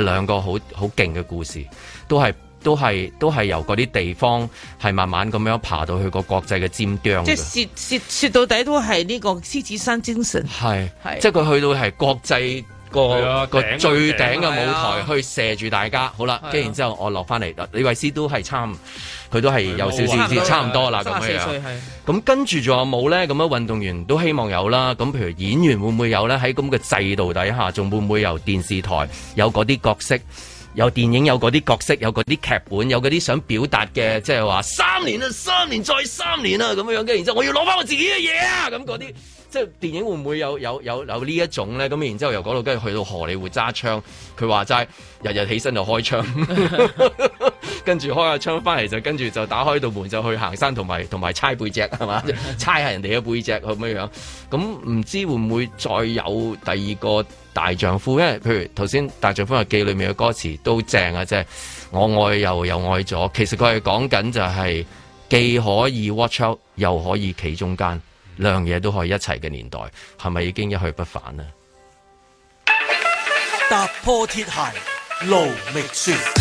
嗯、兩個好好勁嘅故事，都係都係都係由嗰啲地方係慢慢咁樣爬到去個國際嘅尖端。即係説説到底都係呢個獅子山精神。係是是即係佢去到係國際個個、啊啊、最頂嘅舞台去射住大家。好啦，跟住然之後我落翻嚟，李慧詩都係參。佢都係有少少，少差唔多啦咁歲樣，咁跟住仲有冇咧？咁啊，運動員都希望有啦。咁譬如演員會唔會有咧？喺咁嘅制度底下，仲會唔會由電視台有嗰啲角色，有電影有嗰啲角色，有嗰啲劇本，有嗰啲想表達嘅，即係話三年啊，三年再三年啊，咁樣樣。跟然之後，我要攞翻我自己嘅嘢啊！咁嗰啲即係電影會唔會有有有有呢一種咧？咁然之後由嗰度跟住去到荷里活揸槍。佢話齋，日日起身就開槍。 (laughs) (laughs) 跟住開下窗翻嚟，就跟住就打開道門，就去行山，同埋同埋猜背脊係嘛？猜下人哋嘅背脊咁樣樣，咁唔知會唔會再有第二個大丈夫？因為譬如頭先大丈夫嘅記裏面嘅歌詞都正啊，即係我愛又又愛咗。其實佢係講緊就係既可以 watch out 又可以企中間兩樣嘢都可以一齊嘅年代，係咪已經一去不返呢？踏破鐵鞋無覓處。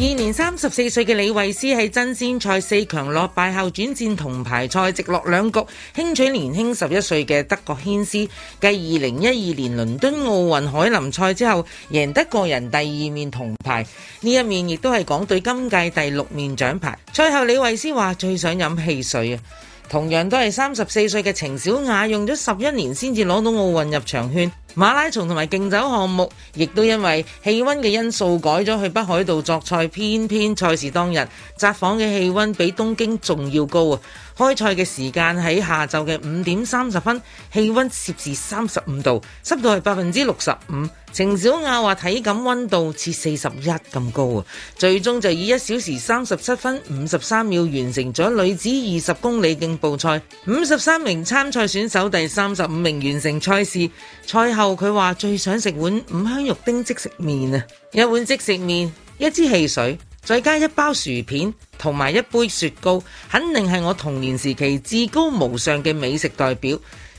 二年三十四歲嘅李慧詩喺爭先賽四強落敗後轉戰銅牌賽，直落兩局輕取年輕十一歲嘅德國軒斯，繼二零一二年倫敦奧運凱林賽之後，贏得個人第二面銅牌。呢一面亦都係港隊今屆第六面獎牌。賽後李慧詩話最想飲汽水啊！同樣都係三十四歲嘅程小雅，用咗十一年先至攞到奧運入場券。馬拉松同埋競走項目，亦都因為氣温嘅因素改咗去北海道作賽，偏偏賽事當日札幌嘅氣温比東京仲要高啊！開賽嘅時間喺下晝嘅五點三十分，氣温攝氏三十五度，濕度係百分之六十五。程小雅話體感温度似四十一咁高啊，最終就以一小時三十七分五十三秒完成咗女子二十公里競步賽，五十三名參賽選手第三十五名完成賽事。賽後佢話最想食碗五香肉丁即食麵啊，一碗即食麵，一支汽水，再加一包薯片同埋一杯雪糕，肯定係我童年時期至高無上嘅美食代表。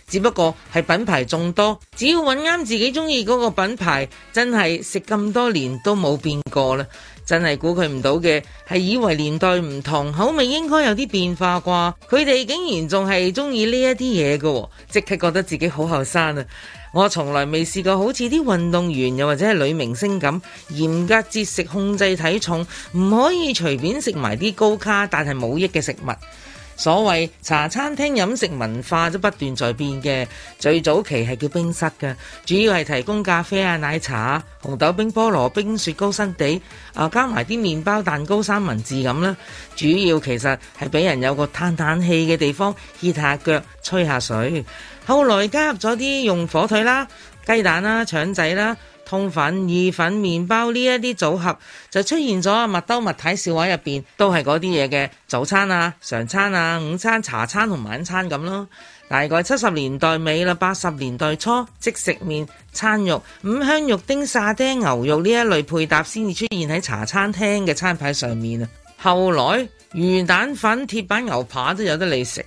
只不過係品牌眾多，只要揾啱自己中意嗰個品牌，真係食咁多年都冇變過啦！真係估佢唔到嘅，係以為年代唔同，口味應該有啲變化啩？佢哋竟然仲係中意呢一啲嘢，嘅即刻覺得自己好後生啊！我從來未試過好似啲運動員又或者係女明星咁嚴格節食控制體重，唔可以隨便食埋啲高卡但係冇益嘅食物。所謂茶餐廳飲食文化都不斷在變嘅，最早期係叫冰室嘅，主要係提供咖啡啊、奶茶、紅豆冰、菠蘿冰、雪糕新地，啊加埋啲麵包、蛋糕、三文治咁啦。主要其實係俾人有個嘆啖氣嘅地方，歇下腳、吹下水。後來加入咗啲用火腿啦、雞蛋啦、腸仔啦。通粉、意粉、麵包呢一啲組合就出現咗。麥兜麥睇笑話入面都係嗰啲嘢嘅，早餐啊、常餐啊、午餐、茶餐同晚餐咁咯。大概七十年代尾啦，八十年代初即食麵、餐肉、五香肉丁、沙爹牛肉呢一類配搭先至出現喺茶餐廳嘅餐牌上面啊。後來魚蛋粉、鐵板牛扒都有得你食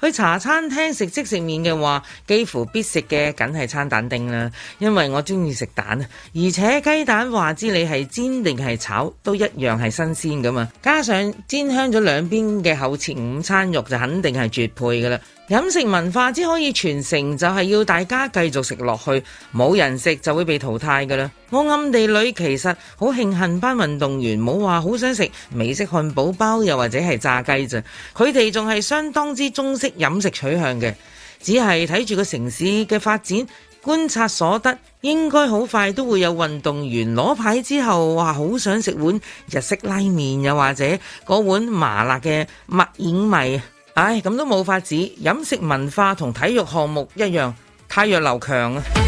去茶餐廳食即食麵嘅話，幾乎必食嘅梗係餐蛋丁啦，因為我鍾意食蛋啊，而且雞蛋，話之你係煎定係炒都一樣係新鮮㗎嘛。加上煎香咗兩邊嘅厚切午餐肉，就肯定係絕配㗎啦。飲食文化只可以傳承，就係要大家繼續食落去，冇人食就會被淘汰噶啦。我暗地裏其實好慶幸班運動員冇話好想食美式漢堡包，又或者係炸雞啫。佢哋仲係相當之中式飲食取向嘅，只係睇住個城市嘅發展觀察所得，應該好快都會有運動員攞牌之後話好想食碗日式拉麵，又或者嗰碗麻辣嘅麥片米。唉，咁都冇法子，飲食文化同體育項目一樣，汰弱留強啊！